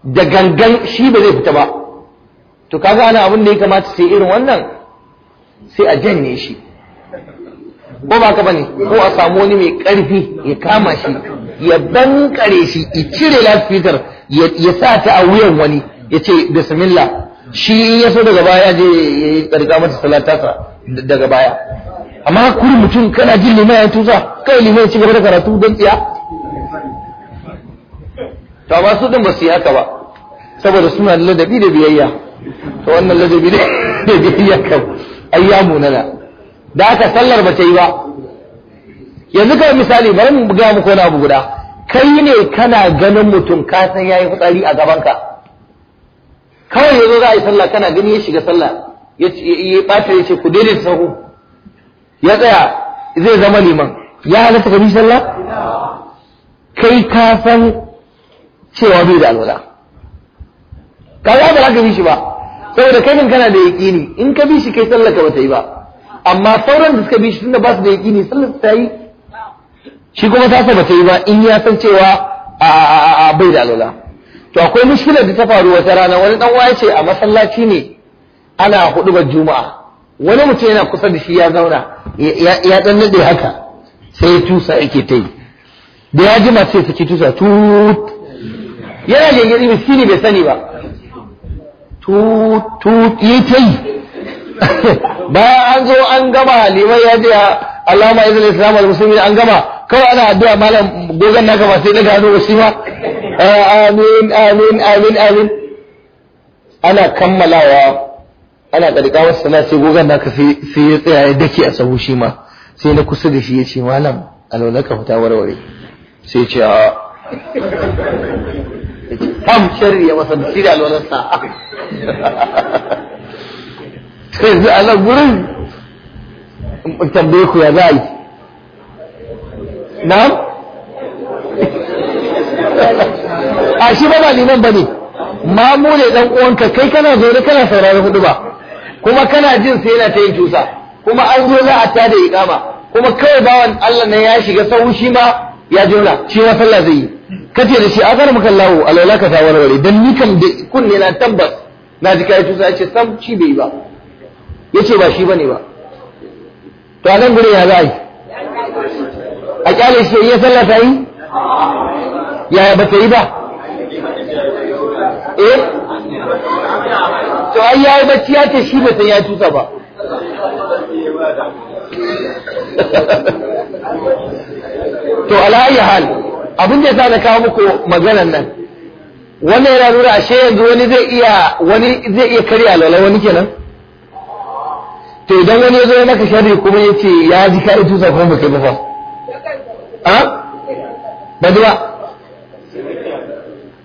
da gangan shi ba zai fita ba to kaga ana abin da ya kamata sai irin wannan sai a janye shi ko ba ka bane ko a samu wani mai karfi ya kama shi ya bankare shi ya cire lafitar ya sa ta a wuyan wani ya ce bismillah shi ya so daga baya je ya yi karga mata salata daga baya amma kuri mutum kana jin limai ya tuza kai limai ci gaba da karatu don tsiya to amma su din ba su yi haka ba saboda suna da ladabi da biyayya to wannan ladabi ne da biyayya kan ayyamu na da aka sallar ba ta yi ba yanzu kawai misali bari mu buga muku wani abu guda kai ne kana ganin mutum ka san yayi fitsari a gabanka kawai yazo za a yi sallah kana gani ya shiga sallah ya ya ya ce ku daidaita sahu ya tsaya zai zama liman ya halatta ka bi sallah kai ka san cewa bai da alwala ka za ba za ka bi shi ba saboda kai kana da yaƙini in ka bi shi kai sallah ka bata yi ba amma sauran da suka bi shi tunda ba su da yaƙini sallah ta yi shi kuma ta sa bata yi ba in ya san cewa a bai da alwala to akwai mushkilar da ta faru wata rana wani dan waya ce a masallaci ne ana hudubar juma'a wani mutum yana kusa da shi ya zauna ya dan nade haka sai tusa yake ta yi da ya jima sai saki tusa tut yana gengedi miskini bai sani ba tut tut yi ta yi an zo an gama liman ya je alama izil islam al muslimin an gama kawai ana addu'a malam gogon naka ba sai na gano shi ma ah, amin amin amin amin ana kammalawa ana ƙarƙa wasu sana sai gogon naka sai ya tsaya ya dake a sahu shi ma sai na kusa da shi ya ce malam alwala ka fita warware sai ce a tam sharri ya masa shi da alwalarsa ta yanzu a nan gurin tambaye ku ya za a yi na'am a shi ba ba liman ba ne mamu ne dan uwanka kai kana zaune kana saurari hudu ba kuma kana jin sai yana ta yin tusa kuma an zo za a tada iqama kuma kawai bawan Allah ne ya shiga sahu shi ma ya jona shi ma sallah zai yi kace da shi azar maka lawo alwala ka ta warware dan ni kam da kunne na tabbas na ji kai tusa yace sam shi bai ba yace ba shi bane ba to a nan gure ya za yi a kyale shi ya sallah ta yi yaya ba ta yi ba eh to ai yayi bacci ya ce shi bai san ya tusa ba to ala'ayi hal abin da ya sa da kawo muku maganar nan wannan yana nuna ashe yanzu wani zai iya wani zai iya karya lala wani kenan to idan wani ya zo ya naka sharri kuma ya ce ya ji ka tusa kuma ba ba fa a ba ba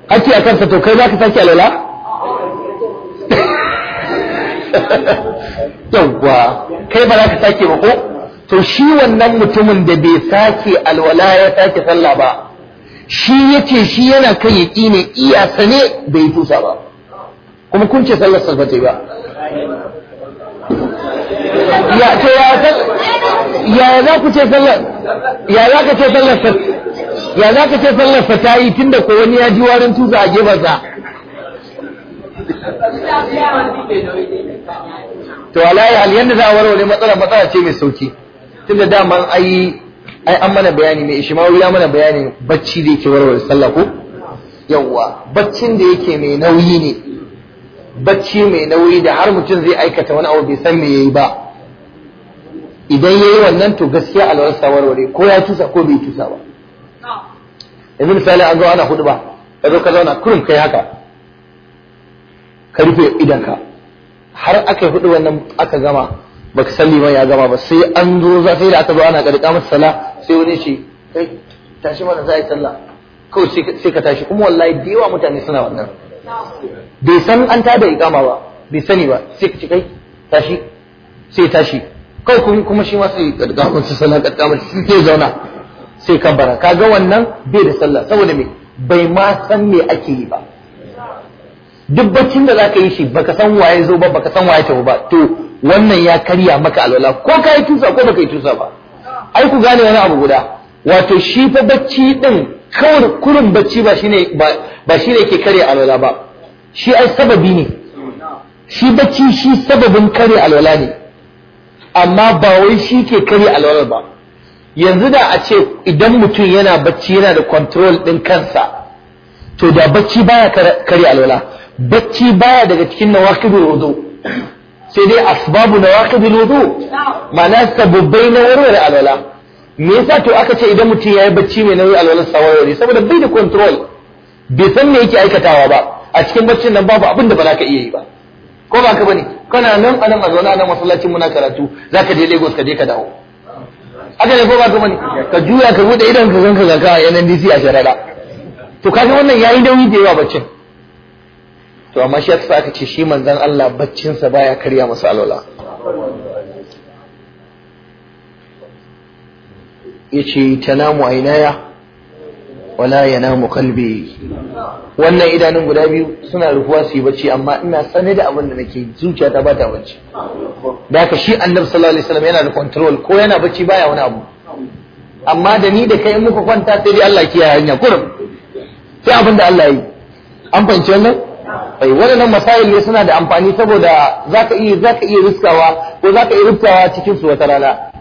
ake a kansa to kai za ka sake alala yawwa kai ba za ka sake ba ko to shi wannan mutumin da bai sake alwala ya sake sallah ba shi yace shi yana kan yaki ne iya sane bai tusa ba kuma kun ce sallar sa ba ba ya ce ya ya za ku ce sallar ya za ka ce sallar ya za ka ce sallar sa tayi tunda ko wani ya ji warin tusa a gebarsa? sa to alayi hal yanda za a warware matsala matsala ce mai sauki tunda dama ai ai an mana bayani mai ishimawi ya mana bayani bacci da yake warware sallah ko yawwa baccin da yake mai nauyi ne bacci mai nauyi da har mutum zai aikata wani abu bai san me yayi ba idan yayi wannan to gaskiya alwarsa warware ko ya tusa ko bai tusa ba yanzu misali an zo ana hudu ba ka zo ka zauna kurum kai haka ka rufe idanka har aka hudu wannan aka gama baka san liman ya gama ba sai an zo za sai da aka zo ana karika masa sala, sai wani ce kai tashi mana za a yi sallah kawai sai ka tashi kuma wallahi da yawa mutane suna wannan bai san an da ikama ba bai sani ba sai ka ci kai tashi sai tashi kai kuma kuma shi ma sai karika masa sallah karika masa sai ke zauna sai kan bara kaga wannan bai da sallah saboda me bai ma san me ake yi ba duk baccin da zaka yi shi baka san waye zo ba baka san waye tafi ba to wannan ya karya maka alwala ko ka yi tusa ko baka yi tusa ba ai ku gane wani abu guda wato shi fa bacci din kawai kurin bacci ba shine ba shine ke karya alwala ba shi ai sababi ne shi bacci shi sababin karya alwala ne amma ba wai shi ke karya alwala ba yanzu da a ce idan mutum yana bacci yana da control din kansa to da bacci baya karya alwala bacci baya daga cikin nawaqidul wudu sai dai asbabu nawaqidul wudu ma'ana sababbai na warware alwala me yasa to aka ce idan mutum yayi bacci mai nauyi alwala sa saboda bai da control bai san me yake aikatawa ba a cikin baccin nan babu abin da ba za ka iya yi ba ko ba ka bane kana nan anan a zauna nan masallacin muna karatu zaka je Lagos ka je ka dawo aka ne ko ba ka bane ka juya ka bude idan ka ganka ga ka NNDC a sharada to kaga wannan yayi nauyi da yawa baccin to amma shi yasa aka ce shi manzon Allah baccinsa baya karya masa alwala yace tanamu ainaya wala ya namu kalbi wannan idanun guda biyu suna rufuwa su yi bacci amma ina sane da abin da nake zuciya ta bata bacci da haka shi annabi sallallahu alaihi wasallam yana da control ko yana bacci baya wani abu amma da ni da kai muka kwanta sai dai Allah kiyaye hanya kurum sai abin da Allah yi an fahimci wannan ai eh, waɗannan masayin ne suna da amfani saboda zaka iya iya riskawa ko zaka iya riskawa cikin su wata rana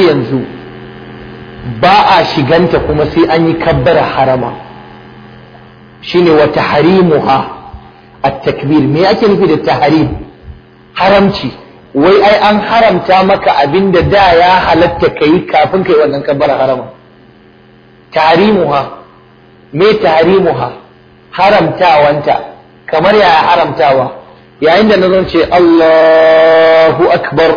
yanzu ba a shiganta kuma sai an yi kabbar harama shine wa tahrimuha at-takbir me yake nufi da taharim? haramci wai ai an haramta maka abinda da ya halatta kai kafin kai wannan kabbar harama tahrimuha me tahrimuha haramtawanta kamar ya haramtawa yayin da na ce Allahu akbar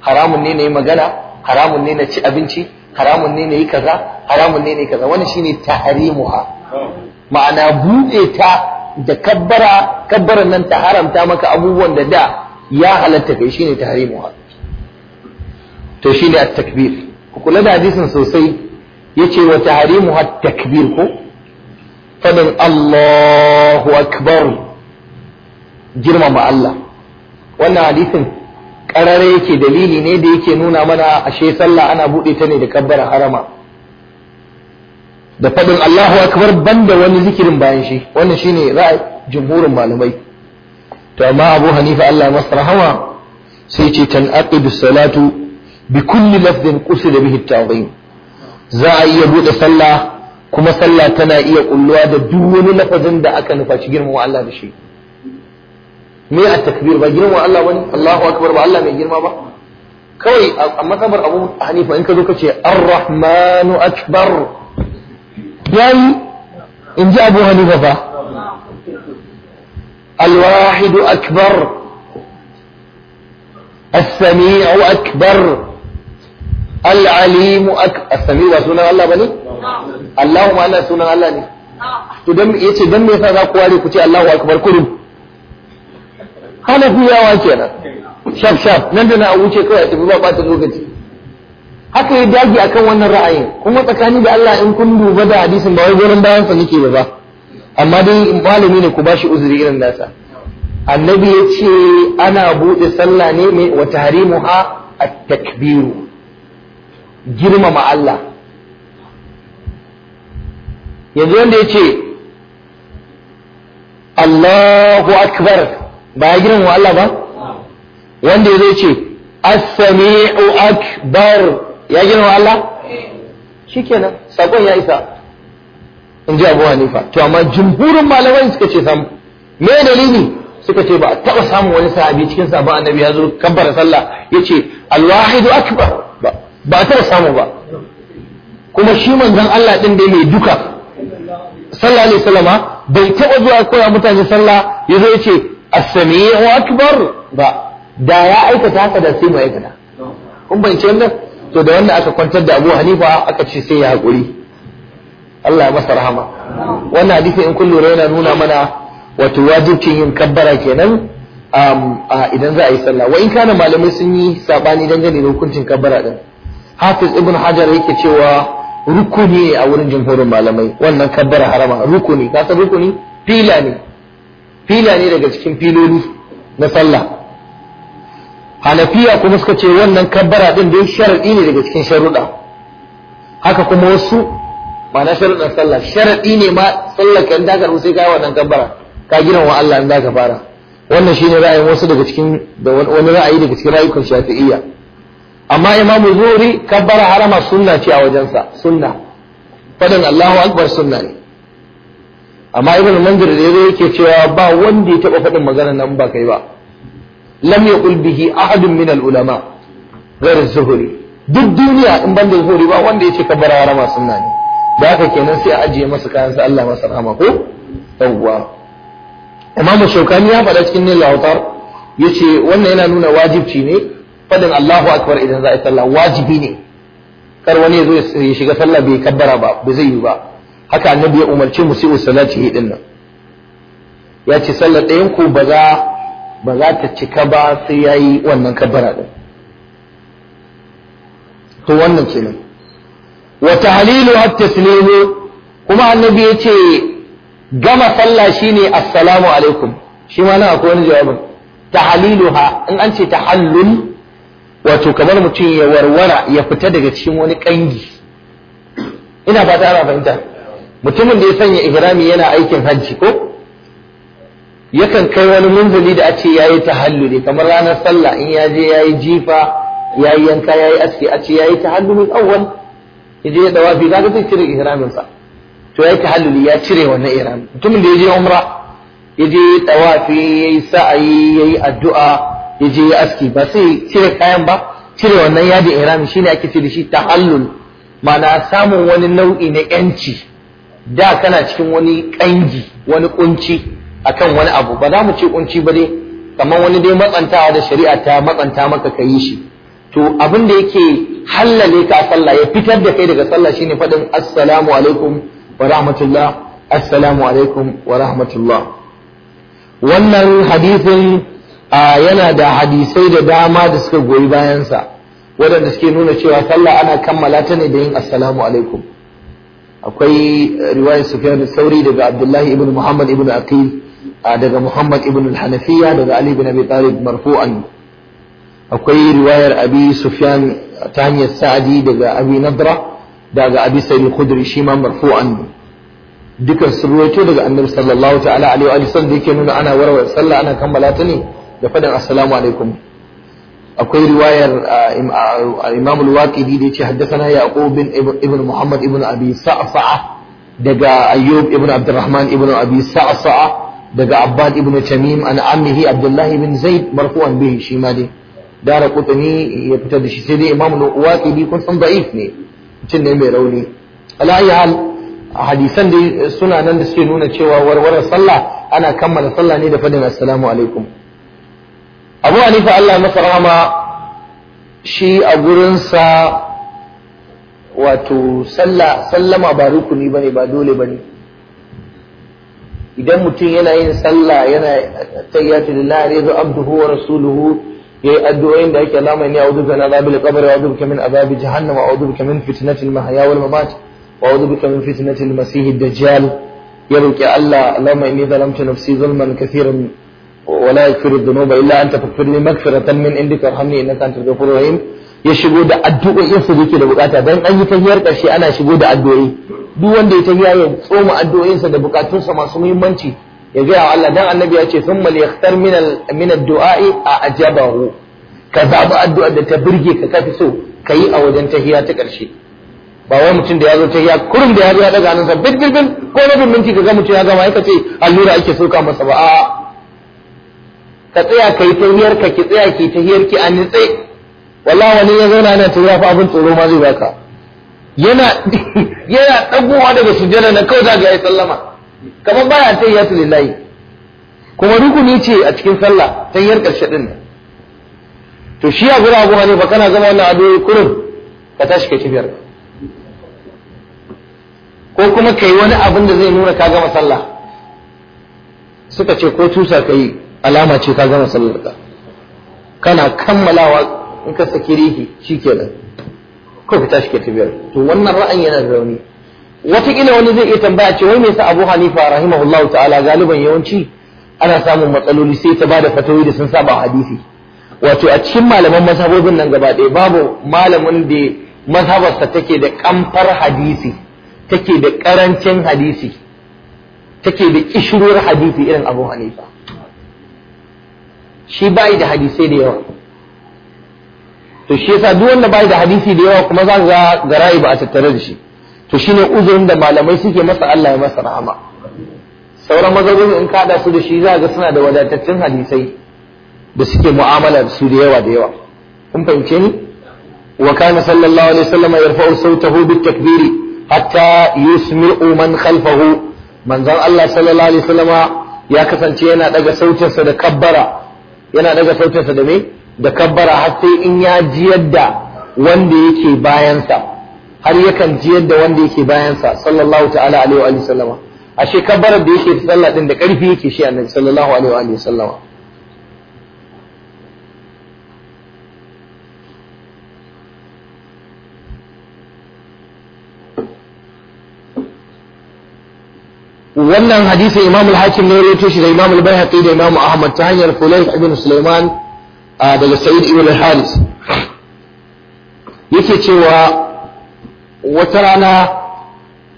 haramun ne ne magana haramun ne na ci abinci haramun ne na yi kaza haramun ne na yi kaza wannan shine tahrimuha ma'ana buɗe ta da kabbara kabbaran nan ta haramta maka abubuwan da da ya halatta kai shine tahrimuha to shine at-takbir ku kula da hadisin sosai yace wa tahrimuha takbir ko fadin Allahu akbar girmama Allah wannan hadisin ƙarare yake dalili ne da yake nuna mana ashe sallah ana buɗe ta ne da kabbar harama da faɗin Allahu akbar banda wani zikirin bayan shi wannan shine ra'ayi jumhurin malamai to amma Abu Hanifa Allah masa rahama sai ce tan'aqidu salatu bi kulli lafdin qusida bihi at-ta'zim za a iya buɗe sallah kuma sallah tana iya kulluwa da duk wani lafazin da aka nufaci girmama Allah da shi me a takbir ba girma Allah bane Allahu akbar ba Allah mai girma ba kawai a matsabar Abu Hanifa in ka zo ka ce Ar-Rahmanu akbar yayi in ji Abu Hanifa fa Al-Wahid akbar As-Sami'u akbar Al-Alimu akbar As-Sami'u ba sunan Allah bane Allahu ma'ana sunan Allah ne to dan yace dan me yasa za ku ware ku ce Allahu akbar kurum yawa kenan shaf shaf nan da na wuce kawai tafi ba ta lokaci haka ya dage akan wannan ra'ayin kuma tsakani da Allah in kun duba da hadisin ba wai gurin bayan sa nake ba amma dai malami ne ku shi uzuri irin nasa annabi ya ce ana buɗe sallah ne mai wata tahrimuha at-takbiru girmama Allah yanzu wanda ya ce Allahu akbar ba ya wa Allah ba wanda ya zo ce as-sami'u akbar ya wa Allah shikenan sakon ya isa in ji Abu Hanifa to amma jumhurin malamai suka ce sam me dalili suka ce ba a taɓa samun wani sahabi cikin sabon annabi ya zo kabbara sallah ya ce alwahidu akbar ba a taɓa samu ba kuma shi manzon Allah ɗin dai mai duka sallah alaihi salama bai taɓa zuwa koya mutane sallah ya zo ya ce as-sami'u akbar ba da ya aikata haka da sai mu aikata kun ce wannan to da wanda aka kwantar da Abu Hanifa aka ce sai ya hakuri Allah ya masa rahama wannan hadisi in kun lura yana nuna mana wato wajibcin yin kabbara kenan um, idan za a yi sallah wa in kana malamai sun yi sabani dangane da hukuncin kabbara din Hafiz Ibn Hajar yake cewa rukuni a wurin jumhurin malamai wannan kabbara harama rukuni ka san rukuni fila ne fila ne daga cikin filoli na sallah hanafiya kuma suka ce wannan kabbara din dai sharaɗi ne daga cikin sharuɗa haka kuma wasu ma'ana sharuɗan sallah sharaɗi ne ma sallah kan da ka sai kai wannan kabbara ka gina wa Allah in da ka fara wannan shine ra'ayin wasu daga cikin da wani ra'ayi daga cikin rayukan shafi'iyya amma imam zuhri kabbara harama sunna ce a wajensa sunna fadan Allahu akbar sunna ne amma ibn manzur da yazo yake cewa ba wanda ya taba faɗin magana nan ba kai ba lam yaqul bihi ahadun min al ulama ghayr zuhuri duk duniya in ban da ba wanda yace kabbara rama sunna ne da haka kenan sai a ajiye masa kayan sa Allah masa rahama ko yawwa imam shaukani ya faɗa cikin nil lautar yace wannan yana nuna wajibci ne fadin Allahu akbar idan za a yi sallah wajibi ne kar wani ya zo ya shiga sallah bai kabbara ba ba zai yi ba haka annabi ya umarci mu sai salati hidin nan ya ce sallar ɗayan ku ba za ba za ta cika ba sai yayi wannan kabbara din to wannan kenan wa tahlilu at taslimu kuma annabi ya ce gama sallah shine assalamu alaikum shi ma nan akwai wani jawabin tahliluha in an ce tahallul wato kamar mutum ya warwara ya fita daga cikin wani kangi ina ba ta ana fahimta mutumin da ya sanya ihrami yana aikin hajji ko yakan kai wani munzuli da a yayi tahalluli kamar ranar sallah in ya je yayi jifa yayi yanka yayi aski a ce yayi tahalluli awwal yaje ya dawafi kaga zai cire ihramin sa to yayi tahalluli ya cire wannan ihrami mutumin da ya je umra ya je ya dawafi yayi sa'ayi yayi addu'a ya je ya aski ba sai cire kayan ba cire wannan yadi ihrami shine ake ce da shi tahallul ma'ana samun wani nau'i na yanci da kana cikin wani ƙangi wani kunci akan wani abu ba za mu ce kunci ba dai kamar wani dai matsantawa da shari'a ta matsanta maka ka yi shi to abin da yake hallale ka sallah ya fitar da kai daga sallah shine faɗin assalamu alaikum wa rahmatullah assalamu alaikum wa rahmatullah wannan hadisin yana da hadisai da dama da suka goyi bayansa waɗanda suke nuna cewa sallah ana kammala ta ne da yin assalamu alaikum akwai eh, riwayar Sufyan Sauri daga Abdullahi ibn Muhammad ibn Aqil ah, daga Muhammad ibn hanafiya daga Ali ibn Abi Talib marfu'an akwai riwayar Abi Sufyan ah, ta hanyar Sa'adi daga Abi Nadra daga Abi Sa'id khudri shi ma marfu'an dukan sun ruwaito daga Annabi sallallahu ta'ala alaihi wa sallam da yake nuna ana warware sallah ana kammala ta ne da faɗin assalamu alaikum akwai riwayar uh, uh, Imam al-Waqidi da yace haddathana Yaqub ibn Muhammad ibn Abi Sa'sa'a daga Ayyub ibn Abdurrahman ibn Abi Sa'sa'a daga Abbad ibn Tamim an ammihi Abdullah ibn Zaid marfu'an bihi shi ma dai dara kutani ya fitar da shi sai dai Imam al-Waqidi kun san da'if ne ne mai rauni ala hal hadisan dai suna nan da suke nuna cewa warwarar sallah ana kammala sallah ne da fadin assalamu alaikum abu hanifa allah masa rahama shi a gurinsa wato sallah sallama ba rukuni bane ba dole bane idan mutum yana yin sallah yana tayyatu lillahi yazo abduhu wa rasuluhu yayi addu'o'in da yake lamai ne a'udhu bika min azabil qabr wa a'udhu bika min azabi jahannam wa a'udhu bika min fitnatil mahya wal mamat wa a'udhu bika min fitnatil masih ad-dajjal ya roki Allah lamai ne zalamta nafsi zulman kathiran ولا يغفر الذنوب الا انت فاغفر لي مغفرة من عندك وارحمني انك انت الغفور الرحيم ya shigo da addu'o'in su yake da bukata dan an yi tahiyar karshe ana shigo da addu'o'i duk wanda ya tahiya ya tsoma addu'o'insa da bukatun masu muhimmanci ya ga Allah dan annabi ya ce thumma liyaktar min al min ad-du'a'i ajabahu ka zabi addu'ar da ta burge ka kafi so kayi a wajen tahiya ta karshe ba wai mutum da ya zo tahiya kurum da ya zo ya daga hannunsa bil bil bil ko na bin minti ka ga mutum ya gama ya ce allura ake soka masa ba a'a ka tsaya ka yi tahiyar ka ki tsaya ki hiyar ki a nitse wallahi wani ya zauna yana tahiya fa abin tsoro ma zai baka yana yana dagowa daga sujjada na kawai zaga ya sallama kamar baya ta tahiyatu lillahi kuma rukuni ce a cikin sallah ta hiyar karshe din to shi a gura abu ne ba kana zama wannan ado kurum ka tashi ka kibiyar ko kuma kai wani abin da zai nuna ka gama sallah suka ce ko tusa ka yi alama ce ka gama sallar ka kana kammalawa in ka saki rihi shikenan ko fita shi ke tafiyar to wannan ra'ayin yana da rauni wataƙila wani zai iya tambaya ce wai me yasa Abu Hanifa rahimahullahu ta'ala galiban yawanci ana samun matsaloli sai ta bada fatawi da sun saba hadisi wato a cikin malaman mazhabobin nan gaba ɗaya babu malamin da mazhabarsa take da kamfar hadisi take da karancin hadisi take da ƙishiruwar hadisi irin Abu Hanifa shi bai da hadisai da yawa to shi yasa duk wanda bai da hadisi da yawa kuma za ga garayi ba a tattare da shi to shine uzurin da malamai suke masa Allah ya masa rahama sauran mazaunin in kada su da shi za ga suna da wadataccen hadisai da suke mu'amala da su da yawa da yawa kun fahimce ni wa kana sallallahu alaihi wasallam yarfa'u sautahu bit takbiri hatta yusmi'u man khalfahu manzon Allah sallallahu alaihi wasallama ya kasance yana daga sautinsa da kabbara yana daga sautinsa da me da kabbara har sai in ya jiyar da wanda yake bayansa har yakan jiyar da wanda yake bayansa sallallahu ta'ala alaihi wa sallama ashe kabbarar da yake sallah din da karfi yake shi annabi sallallahu alaihi wa sallama wannan hadisi imam al-hakim ne rawaito shi da imam al-baihaqi da imam ahmad ta hanyar kulayh ibn sulaiman daga sa'id ibn al-haris yake cewa wata rana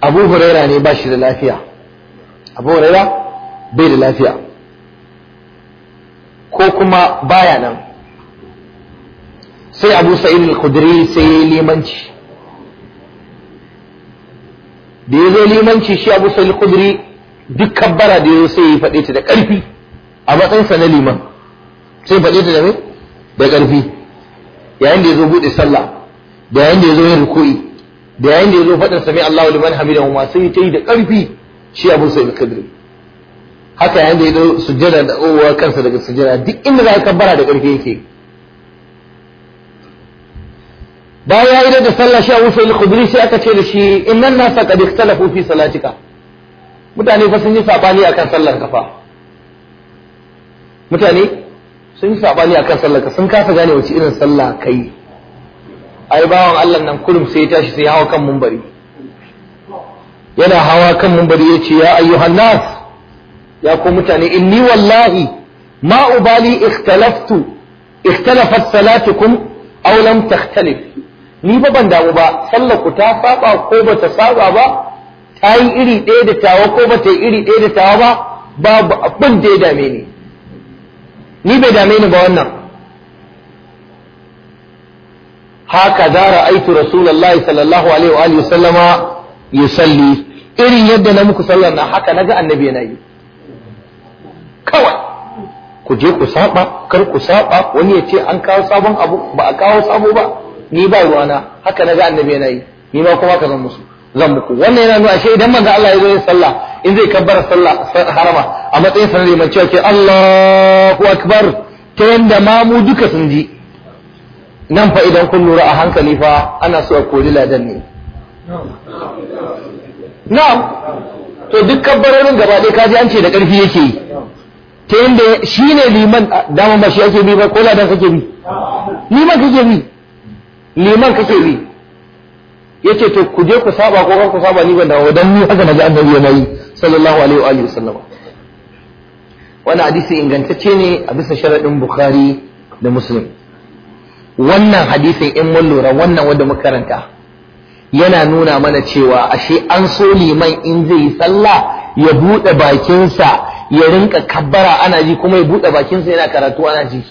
abu huraira ne ba shi da lafiya abu huraira bai da lafiya ko kuma baya nan sai abu sa'id al-khudri sai ya yi limanci da ya zo limanci shi abu sa'id al-khudri duk kabbara da yau sai ya faɗe ta da ƙarfi a matsayinsa na liman sai faɗe ta da mai da ƙarfi yayin da ya zo buɗe sallah da yayin da ya zo yin ruku'i da yayin da ya zo faɗin sami Allahu liman hamidan wa sai ta yi da ƙarfi shi Abu Sa'id kadiri haka yayin da ya zo sujjada da uwa kansa daga sujjada duk inda za ka kabbara da ƙarfi yake bayan ya yi da sallah shi Abu Sa'id Khudri sai aka ce da shi innan nasa qad ikhtalafu fi salatika mutane fa sun yi sabani akan sallar kafa mutane sun yi sabani akan sallar ka sun kasa gane wace irin sallah kai ai bawan Allah nan kullum sai ya tashi sai ya hawa kan mumbari yana hawa kan mumbari ya ya ayyuhan nas ya ko mutane inni wallahi ma ubali ikhtalaftu ikhtalafat salatukum aw lam takhtalif ni ba ban damu ba sallar ku ta saba ko bata saba ba ta yi iri ɗaya da tawa ko ba ta yi iri ɗaya da tawa ba babu abin da ya dame ni ni bai dame ni ba wannan haka za ra'aitu rasulullahi sallallahu alaihi wa alihi sallama yusalli irin yadda na muku sallar na haka naga annabi yana yi kawai ku je ku saba kar ku saba wani ya ce an kawo sabon abu ba a kawo sabo ba ni ba ruwana haka naga annabi yana yi ni ma kuma ka zan musu zan muku wannan yana nuna ashe idan manzo Allah ya zo yin sallah in zai kabbara sallah harama a matsayin sanar mai cewa ke Allahu akbar ta yanda ma mu duka sun ji nan fa idan kun lura a hankali fa ana so a kori ladan ne na'am to duk kabbarorin gaba ɗaya kaji an ce da ƙarfi yake yi ta yanda shi ne liman dama ba shi ake bi ba ko ladan kake bi liman kake bi liman kake bi yace to ku je ku saba ko ku saba ni ban dawo dan ni haka naji annabi ya yi sallallahu alaihi wa alihi wasallam wannan hadisi ingantacce ne a bisa sharadin bukhari da muslim wannan hadisin in mun lura wannan wanda muka karanta yana nuna mana cewa ashe an so liman in zai yi sallah ya buɗe bakinsa ya rinka kabbara ana ji kuma ya buɗe bakinsa yana karatu ana ji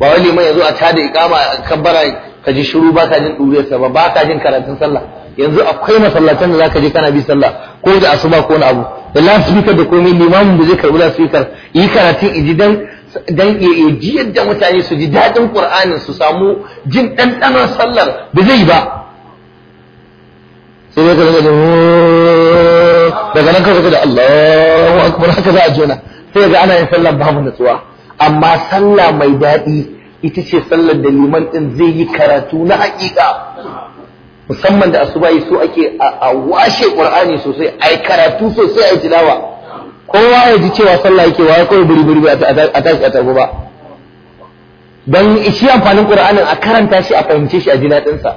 ba wai liman ya zo a tada ikama kabbara ka ji shiru ba ka jin ɗuriyarsa ba ba ka jin karatun sallah yanzu akwai masallatan da za ka je kana bi sallah ko da asuba ko wani abu da lasfikar da komai limamin da zai karɓi lasfikar yi karatun iji dan dan ya ji yadda mutane su ji daɗin qur'anin su samu jin ɗanɗanon sallar ba zai ba sai dai ka oh, daga nan ka da Allahu akbar haka za a jona sai ga ana yin sallar babu natsuwa amma sallah mai daɗi ita ce sallar da liman din zai yi karatu na haƙiƙa musamman da asuba yi so ake a washe ƙwar'ani sosai yi karatu sosai a yi tilawa kowa ya ji cewa sallah yake wa kawai buri buri a tashi a tafi ba don shi amfanin ƙur'anin a karanta shi a fahimce shi a jinaɗinsa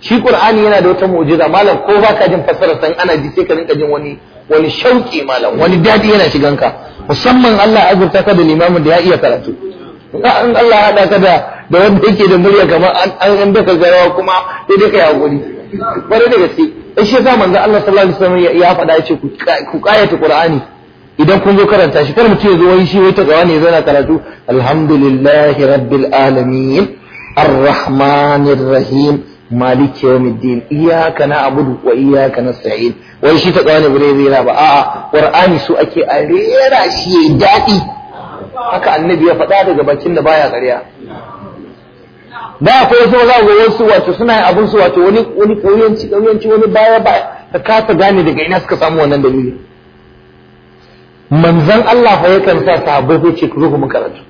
shi ƙur'ani yana da wata mu'jiza malam ko ba ka jin fassara san ana ji sai ka rinka jin wani wani shauƙi malam wani daɗi yana shiganka musamman Allah ya azurta ka da limamin da ya iya karatu Ah, in Allah ya haɗa ka da da wanda yake da murya kamar an an daka garawa kuma sai dai kai hakuri bare da gaske ai eh, shi yasa manzo Allah sallallahu alaihi wasallam ya faɗa ya ce ku kayata Qur'ani idan kun zo karanta shi kar mu ce zo wai shi wai ta gawa ne zai na karatu alhamdulillahi rabbil alamin arrahmanir rahim maliki yawmiddin iyyaka na'budu wa iyyaka nasta'in wai shi ta gawa ne zai ba a'a qur'ani su ake a rera shi dadi haka annabi ya faɗa daga bakin da baya ƙarya da akwai wasu maza ga wasu wato suna yin abin su wato wani wani koyanci koyanci wani baya ba ka kasa gane daga ina suka samu wannan dalili manzon Allah fa yakan sa sahabbai ko ce ku zo mu karatu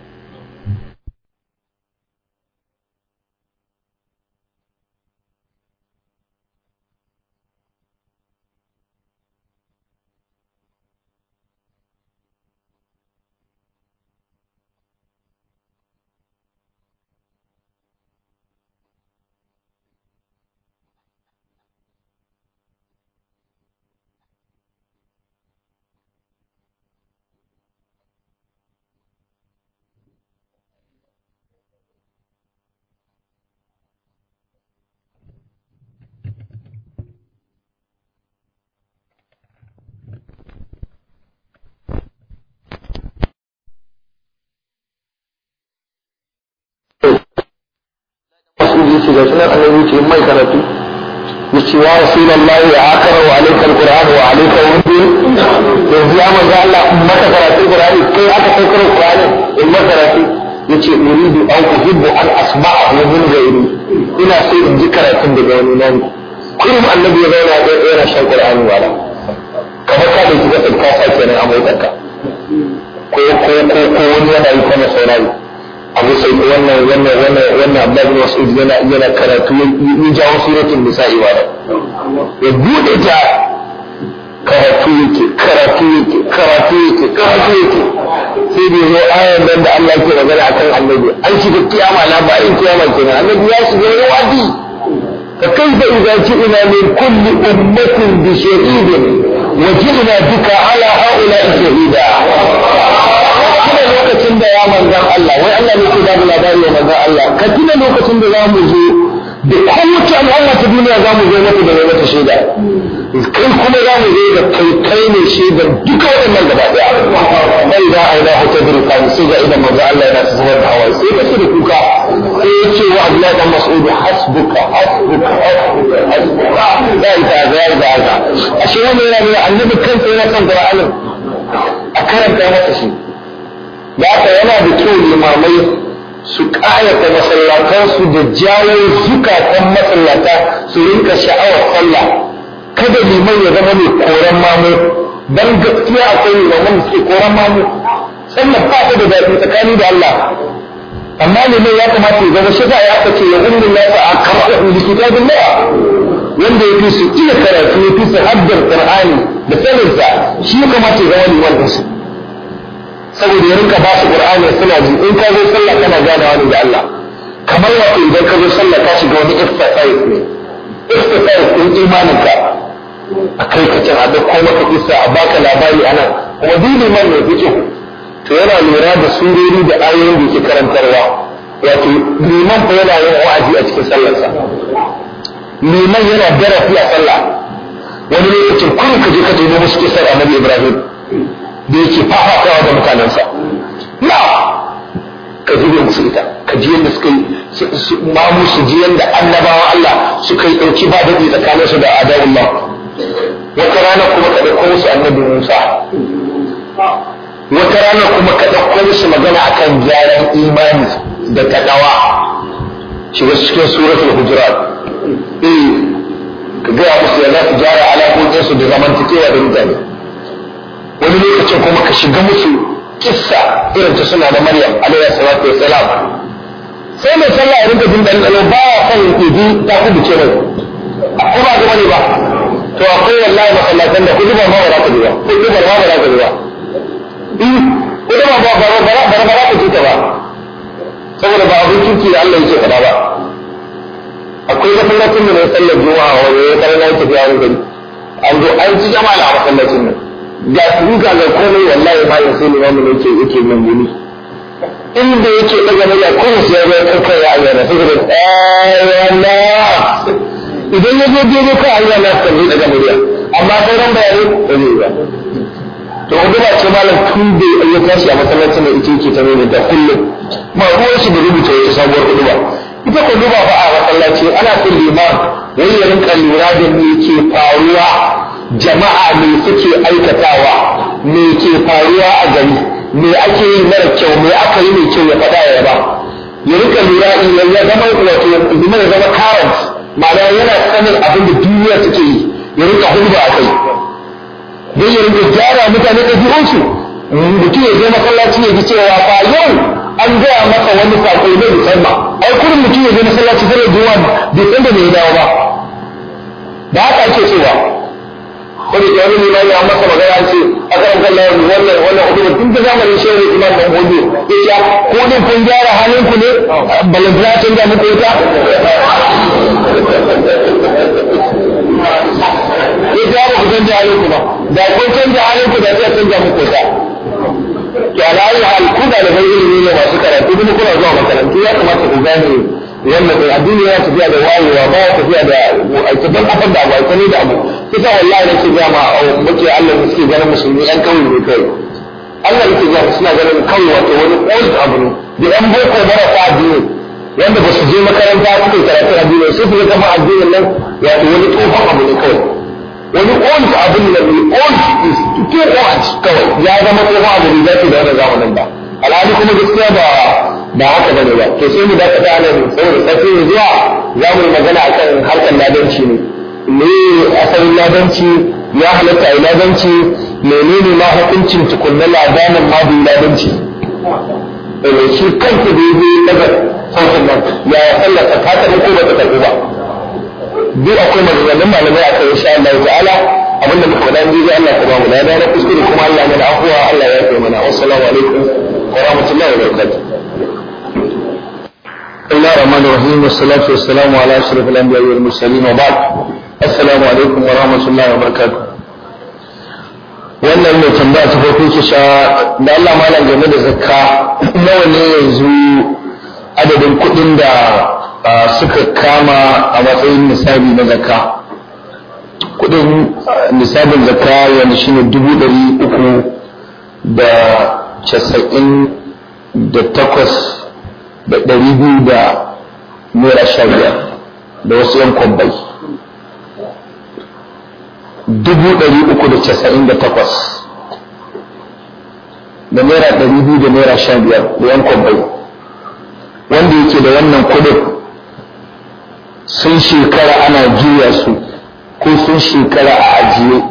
ce gashi nan annabi ce mai karatu rasulullahi ya akara wa alquran wa yanzu ya manzo Allah maka karatu qur'ani kai aka kai qur'ani in maka karatu yace uridu an uhibbu an asma'a min ghairi ina so in ji karatun daga wani nan kullum annabi ya zauna ya tsaya shan qur'ani wala kamar ka dauki kasar kasa kenan a motarka ko ko ko wani yana yi abu sai wannan wannan wannan wannan Abdullah bin Mas'ud yana yana karatu ya jawo suratul nisa'i wa ya bude ta karatu yake karatu yake karatu yake karatu yake sai da zo ayan nan da Allah ke magana akan annabi an da kiyama na ba in kiyama kenan annabi ya shiga wani wadi fa kaifa ci ina min kulli ummatin bi shahidin wa ji'na bika ala ha'ula'i shahida ya manzan Allah wai Allah ne ke babu labari ya manzan Allah ka tuna lokacin da za mu zo da kowace al'umma ta duniya za mu zo mata da mata shaida kai kuma za mu zo da kai kai ne shaidar duka waɗannan gaba ɗaya bai za a yi na hoto da rufani sai ga idan manzan Allah yana ta zubar da hawaye sai ka da kuka sai ya ce wa Abdullahi dan Mas'ud hasbuka hasbuka hasbuka hasbuka za yi ta za yi ta ashe wannan yana nuna annabi kansa yana son Qur'anin a karanta masa shi da yana da kyau limamai su ƙayata masallatansu da jawo zukatan masallata su rinka sha'awar sallah kada liman ya zama mai koran mamu dan gaskiya akwai limamai da suke koran mamu sallar ba ta da daɗi tsakani da Allah amma liman ya kamata ya zama shiga ya ce ya ummi ta a kama da ta lawa wanda ya fi su iya karatu ya fi su haddar ƙar'ani da saninsa shi kamata ya zama liman ɗinsu saboda ya rinka ba su qur'ani suna ji in ka zo sallah kana ganawa ne da Allah kamar wato idan ka zo sallah ka shiga wani exercise ne exercise din imanin ka a kai ka can a dauko maka isa a baka labari anan kuma duk liman ne fiqh to yana lura da surori da ayoyin da yake karantarwa wato liman fa yana yin wa'azi a cikin sallarsa liman yana darasi a sallah wani lokacin kun ka je ka je musu kisar annabi ibrahim da yake fafatawa da mutanensa na ka zube musu ita ka ji yadda suka yi ma musu ji yadda annabawa Allah suka yi ɗauki ba daɗi tsakaninsu da adawullah wata rana kuma ka ɗauko musu annabi Musa wata rana kuma ka ɗauko musu magana akan gyaran imani da ta taɗawa shiga cikin suratul hujurat eh ka gaya musu ya za su gyara alaƙoƙinsu da zamantakewa da mutane wani lokacin kuma ka shiga musu kissa irin ta suna da maryam alaihi salatu wassalam sai mai sallah ya rinka jin dandano ba ya son idi ta kudu ce mai ko ba ga ne ba to akwai wallahi masallatan da kudu ba ma ba ku biya kudu ba ma ba ku biya kudu ba ba ba ba ba ba ba ku ba saboda ba abin kirki da Allah yake faɗa ba akwai masallacin da mai sallar juma'a wani ya karanta ya tafi a gari an zo an ci jama'a a masallacin nan ga su ga ga komai wallahi ba ya sai limamin yake yake nan gini inda yake daga murya ko sai ya ga kai eh, ya Allah na sai da Allah idan ya je daidai ko Allah na sai daga muriya amma sai ran da ba zai ba to ubuna ce malam tun da ya tashi a masallacin da yake yake ta mai da kullum ba ruwan shi da rubuta wata sabuwar kuduba ita kuduba ba a masallaci ana kullu ma wani ya rinka da me ke faruwa jama'a me suke aikatawa me ke faruwa a gari me ake yi mara kyau me aka yi mai kyau ya faɗa ya ba ya rika lura ya zama wato zama ya zama current ma'ana yana sanin abin da duniya suke yi ya rika hulba a kai don ya rika gyara mutane ɗabi'unsu mutum ya je masallaci ya ji cewa fa yau an gaya masa wani saƙo na musamman ai kurin mutum ya je masallaci zai zuwa bai san da me ya dawo ba da haka ake cewa wani ke wani limami an masa magana an ce a kan kallon wannan wannan hukumar tun ta zamanin shehu imam dan gobe ya ce ko din kun gyara halin ku ne balantana tun da muku wuta ya ce ba ku canja halin ku ba da kun canja halin ku da zai canja muku wuta to alayi hal ku da da ilimi ne masu karatu kuma kuna zuwa makarantu ya kamata ku gane yalla bai addini ya tafiya da wayewa ba ya tafiya da aita don kafar da abu aita ne da abu kusa wallahi nake ga ma oh, muke Allah ne suke ganin musulmi yan kawai ne kai Allah yake ga suna ganin kawai wato wani old abu ne da yan boko mara marasa addini yanda ba su je makaranta suke karatu addini sai su ga addinin nan wato wani tsohon abu ne kawai wani old abu ne da old is too old kawai ya zama tsohon abu ne zaki da wannan zamanin ba Al'adu kuma gaskiya ba ba haka bane ba to sai mu da kada nan saboda sai zuwa za mu magana akan harkar ladanci ne me asalin ladanci ya halatta a ladanci menene ma hukuncin tukunna ladanin ma bi ladanci eh shi kanta da yi daga sautin nan ya sallaka ta tabi ko ba ta tabi ba duk akwai maganganun malamai a kan insha Allah ta'ala abinda muka faɗa ne zai Allah ta ba mu lada na kuskure kuma Allah mana afuwa Allah ya kai mana wassalamu alaikum wa rahmatullahi wa barakatuh الله الرحمن الرحيم والصلاة والسلام على أشرف الأنبياء والمرسلين وبعد السلام عليكم ورحمة الله وبركاته wannan mai tambaya ta farko ke sha da Allah game da zakka nawa ne yanzu adadin kuɗin da suka kama a matsayin nisabi na zakka kuɗin nisabin zaka yanzu shine dubu ɗari uku da casa'in da takwas da ɗari biyu da naira sha biyar da wasu yan kwabbai dubu ɗari uku da casa'in da takwas da naira ɗari biyu da naira sha biyar da yan kwabbai wanda yake da wannan kuɗin sun shekara ana juya su ko sun shekara a ajiye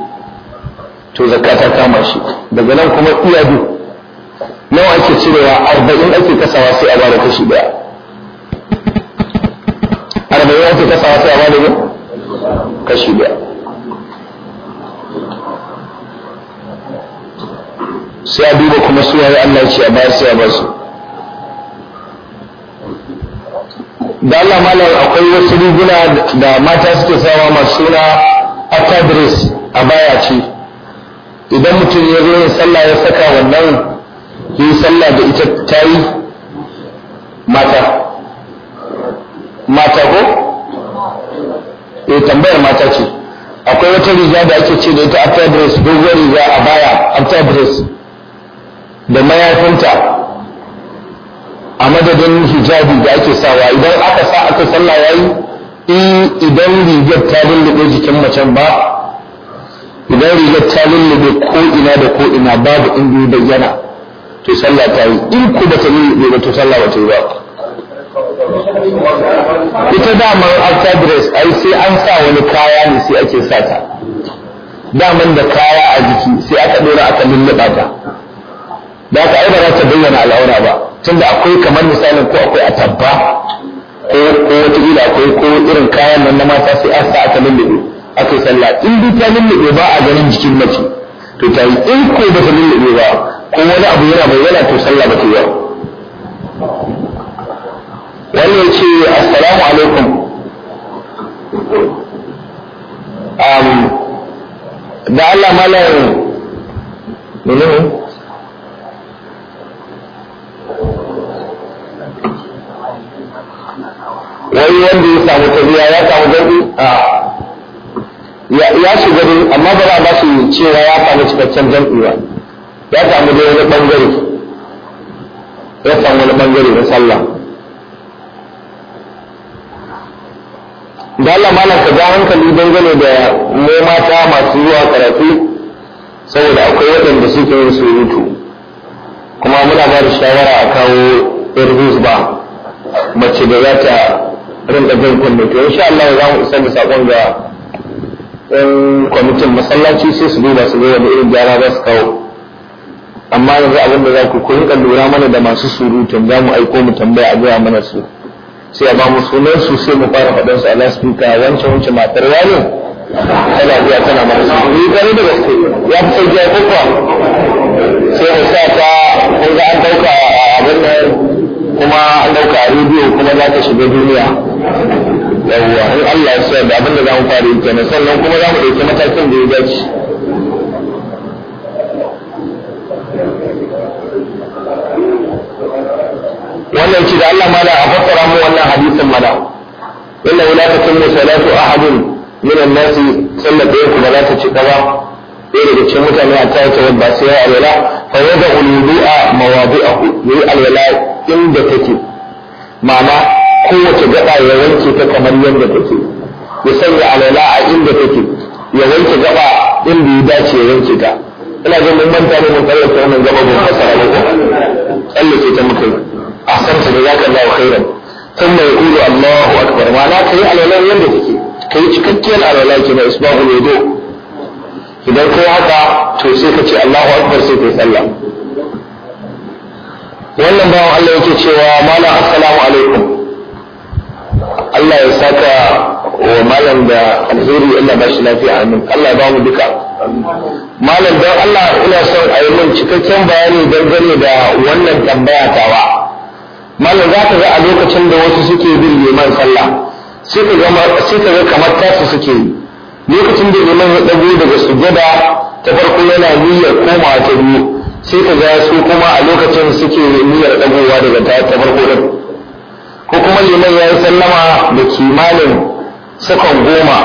to zakata kama shi daga nan kuma iya duk nawa ake cirewa arba'in ake kasawa sai a bada kashi daya arba'in ake kasawa sai a bada ne kashi daya sai a duba kuma suwaye Allah ce a bayar sai a basu da Allah malam akwai wasu riguna da mata suke sawa masu suna akadres a baya ce idan mutum ya zo yin sallah ya saka wannan yi sallah da ita ta yi mata mata ko e tambayar mata ce akwai wata riga da ake ce da ita after dress doguwar riga a baya after dress da mayafinta a madadin hijabi da ake sawa idan aka sa aka sallah yayi eh, idan rigar ta lullube jikin macen ba idan rigar ta lullube ko ina da ko ina babu inda bayyana ke sallah ta yi in ku ba ta yi ba to sallah ba ta yi ba ita daman after dress ai sai an sa wani kaya ne sai ake sa ta daman da kaya a jiki sai aka dora aka lullaba ta da aka ai ba za ta bayyana al'aura ba tunda akwai kamar misalin ko akwai atabba ko ko wata ila akwai ko irin kayan nan na mata sai an sa aka lullube ake sallah in dai ta lullube ba a ganin jikin mace to ta yi in ko ba ta lullube ba ko wani abu yana bai yana to sallah ba ta yi wannan ce assalamu alaikum da Allah malam mene Wani wanda ya samu tabiya ya samu garbi a ah. ya shiga dai amma ba za a ba su cewa ya samu cikakken jam'i ba ya samu dai wani bangare ya samu wani bangare na sallah da Allah malam ka ja hankali dangane da mu mata masu zuwa karatu saboda akwai waɗanda suke yin surutu kuma muna ba da shawara a kawo yar ba mace da za ta rinka jin kunne to insha Allah za mu isa da sakon ga yan kwamitin masallaci sai su duba su ga wani irin gyara za su kawo amma yanzu abin da za ku ku rinka lura mana da masu surutun za mu aiko mu tambaya a gaya mana su sai a ba mu sunan su sai mu fara faɗan su a laspika wancan wancan matar yaro tana biya tana masu. su ni gani da gaske ya fi sauki ya kuka sai mu sa ta kun ga an ɗauka abin nan kuma an ɗauka a rediyo kuma za ta shiga duniya yawwa in Allah ya sa da abin da za mu fara yi kenan sannan kuma za mu ɗauki matakin da ya dace wannan ci da Allah mala a fassara mu wannan hadisin mala inna la tatimmu salatu ahadin min an-nas sallat da yake ba za ta cika ba daga cikin mutane a ta ta ba sai ya alwala fa yada al-wudu'a mawadi'ahu yi alwala inda take ma'ana kowace gaba ya wanke ta kamar yadda take ya sanya alala a inda take ya wanke gaba inda ya dace ya wanke ta ina ga mun manta ne mun ta wannan gaba mun fasara ne ko Allah ce ta A san da zaka Allah khairan ya kudu Allahu akbar ma la kai alala yadda take kai cikakken alala ke na isbahul wudu idan kai haka to sai ka ce Allahu akbar sai kai sallah wannan bawan Allah yake cewa malam assalamu alaikum Allah ya saka wa malam da alheri Allah ba shi lafiya amin Allah ba mu duka malam don Allah ina son a yi min cikakken bayani dangane da wannan tambaya tawa malam za ka ga a lokacin da wasu suke bin neman sallah sai ka ga kamar tasu suke yi lokacin da neman ya dago daga sujada ta farko yana niyyar komawa ta biyu sai ka ga su kuma a lokacin suke niyyar dagowa daga ta farko ɗin ko kuma liman ya yi sallama da kimanin sakon goma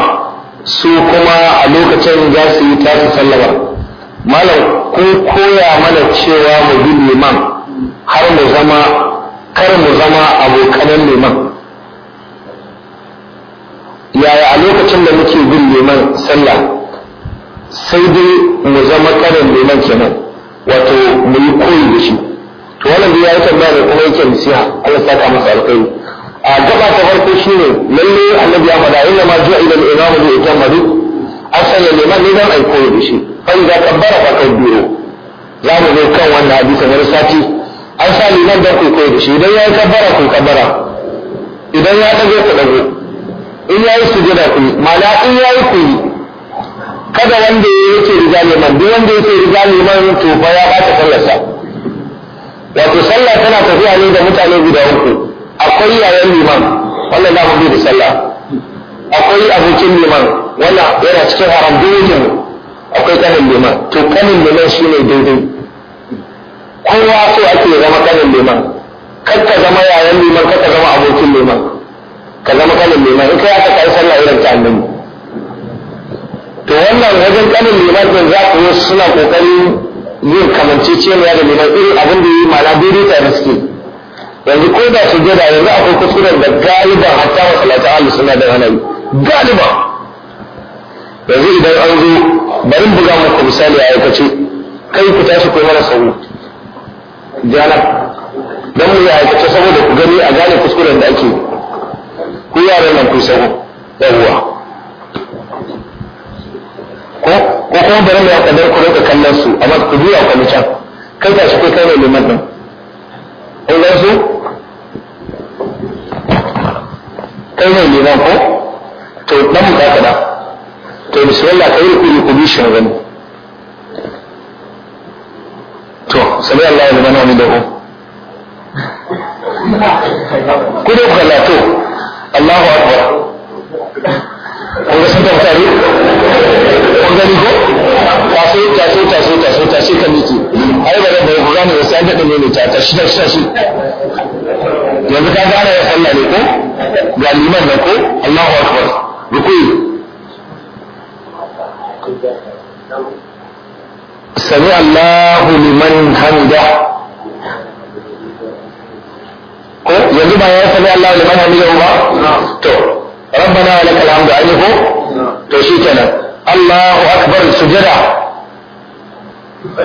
su kuma a lokacin za su yi tasu sallama malam kun koya mana cewa mu bi liman har mu zama kar mu zama abokanan liman yaya a lokacin da muke bin liman sallah sai dai mu zama karin liman kenan wato mu yi koyi da shi to wannan da ya yi tambaya ne kuma yake nasiha Allah ya saka masa alƙairi a gaba ta farko shine lalle annabi ya faɗa inna ma ju'a ila al-imamu bi itammadu asanya liman ne dan ai koyi da shi fa idza kabbara fa kabbiru za mu ga kan wannan hadisi na sati an sa liman dan ku koyi da shi idan ya yi kabbara ku kabbara idan ya dago ku dago in ya yi sujada ku yi ma'ana in ya yi ku kada wanda yake riga liman duk wanda yake riga liman to fa ya ba ta sallarsa wato sallah tana tafiya ne da mutane guda uku akwai yayan liman wannan za mu bi da sallah akwai abokin liman wannan yana cikin haram dole akwai kanin liman to kanin liman shine daidai kowa so ake zama kanin liman kar ka zama yayan liman kar ka zama abokin liman ka zama kanin liman in kai aka kai sallah irin ta annabi to wannan wajen kanin liman din za ku suna kokarin zai kamance cewa da mai irin abin da yi mana daidai tare suke yanzu ko da su gada yanzu akwai kuskuren da galiban hatta masalata alu suna da hana galiba yanzu idan an zo bari buga muku misali a aikace kai ku tashi ko mara sauri jana dan mu ya aikace saboda ku gani a gane kuskuren da ake ku yaran nan ku sabo yawwa ko ko kuma bari mu yaka dai kuma rinka kallon su amma ku biya ku can kai ka shi kai kai ne liman din ga su kai ne liman ko to dan mu kada to bismillah kai ku ku bi shi to Allah ya zama ni da ku ku Allahu akbar ga sun tafi gani ko taso taso taso taso taso ka miki ai ba zan bayyana gane wasu an daɗin ne ta tashi tashi tashi yanzu ka gane ya sallah ne ko ga liman da ko Allahu akbar rukui sami Allahu liman hamda ko yanzu ba ya sami Allahu liman hamda ba to rabbana lakal hamdu ainihu to shi kenan Allahu akbar sujada ka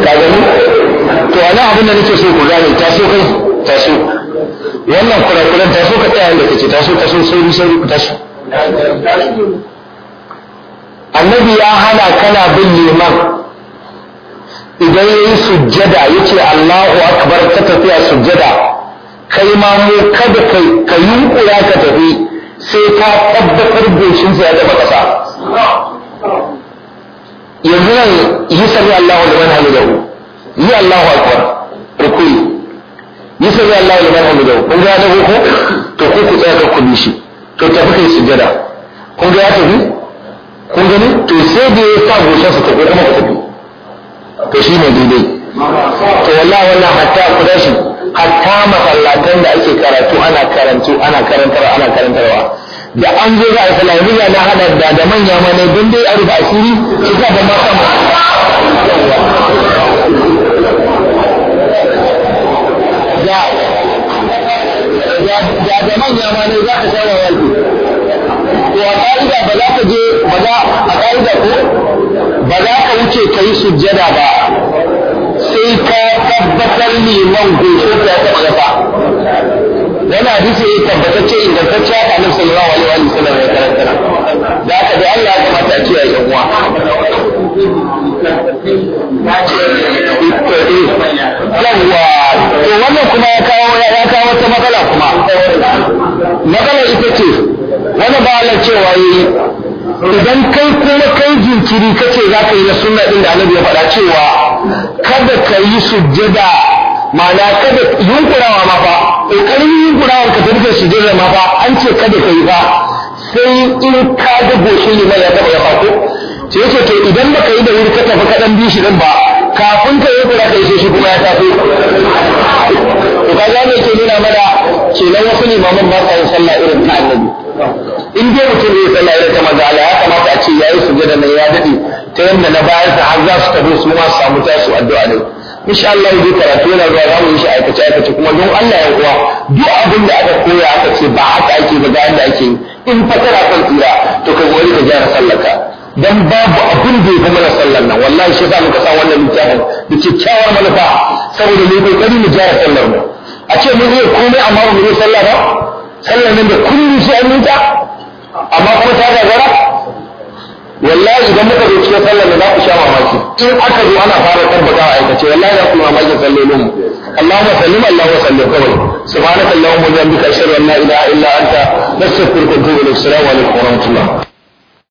gani to ana abin da nake so ku gane ta so kai ta so wannan kurakuran ta so ka tsaya da kace ta so ta so sauri sauri ta so annabi ya hana kana bin liman idan ya yi sujjada ya ce Allahu akbar ka tafiya sujjada kai ma mu kada ka yi ka tafi sai ka tabbatar sa ya taba kasa yanzu nan yi sami Allahu liman hamidahu yi Allahu akbar rukui yi sami Allahu liman hamidahu kun ga da ko to ko ku tsaya ku bi shi to tafi kai sujjada kun ga ya tafi kun gani to sai da ya sa ta ko kuma ka tafi to shi ne daidai to wallahi wannan hatta kudashi hatta masallatan da ake karatu ana karantu ana karantarwa ana karantarwa da an zo ga a sallah na hada da da manya ma ne don dai a rufe asiri shi ka da makama ya ya da manya ma ne za ka shawara wani to a ka'ida ba za ka je ba za a ka'ida ko ba za ka wuce ka yi sujjada ba tabbatar ko goshin ta ya taɓa gaba yana hadisi ya tabbatacce ingantacce haka annabi sallallahu alaihi wa sallam ya karanta da ka da Allah ya kamata a kiyaye yawa uwa eh, yawwa to wannan kuma ya kawo ya kawo wata matsala kuma matsalar ita ce wani ba Allah cewa yi. idan kai kuma kai jinkiri kace za ka yi na sunna din da annabi ya faɗa cewa kada ka yi sujjada ma'ana kada yunkurawa ma fa ƙoƙarin yunkurawa ka tafi sujjada ma fa an ce kada ka yi ba. sai in ka ga ne ma ya taɓa ya fato ce yake to idan baka yi da wuri ka tafi ka ɗan bi shi ɗin ba kafin ka yi kura ka yi shi kuma ya tafi to ka gane ke nuna mana kenan wasu limaman ba sa yin sallah irin ta annabi in dai mutum zai sallah irin ta maza Allah ya kamata a ce yayi sujjada nan ya dade ta yadda na bayar ta har za su tafi su ma samu tasu addu'a ne insha Allah karatu yana zuwa za mu yi shi aikace aikace kuma don Allah ya kuwa duk abin da aka koya aka ce ba haka ake ba ga yadda ake yi in fa kana kan tsira to ka gori ka gyara sallaka dan babu abin da ya fi mana sallar nan wallahi shi za mu kasa wannan littafin da kyakkyawar manufa saboda mu kari mu gyara sallar mu a ce mun iya komai amma mu yi sallah ba sallar nan da kullum sai an yi ta amma kuma ta gagara wallahi idan muka zo cikin sallar da za ku sha mamaki in aka zo ana fara tarbaka a aikace wallahi za ku mamakin sallolin mu Allahumma sallim Allahumma sallim kawai subhanaka Allahumma wa bihamdika ashhadu an la ilaha illa anta nastaghfiruka wa atubu ilaik assalamu alaikum wa rahmatullah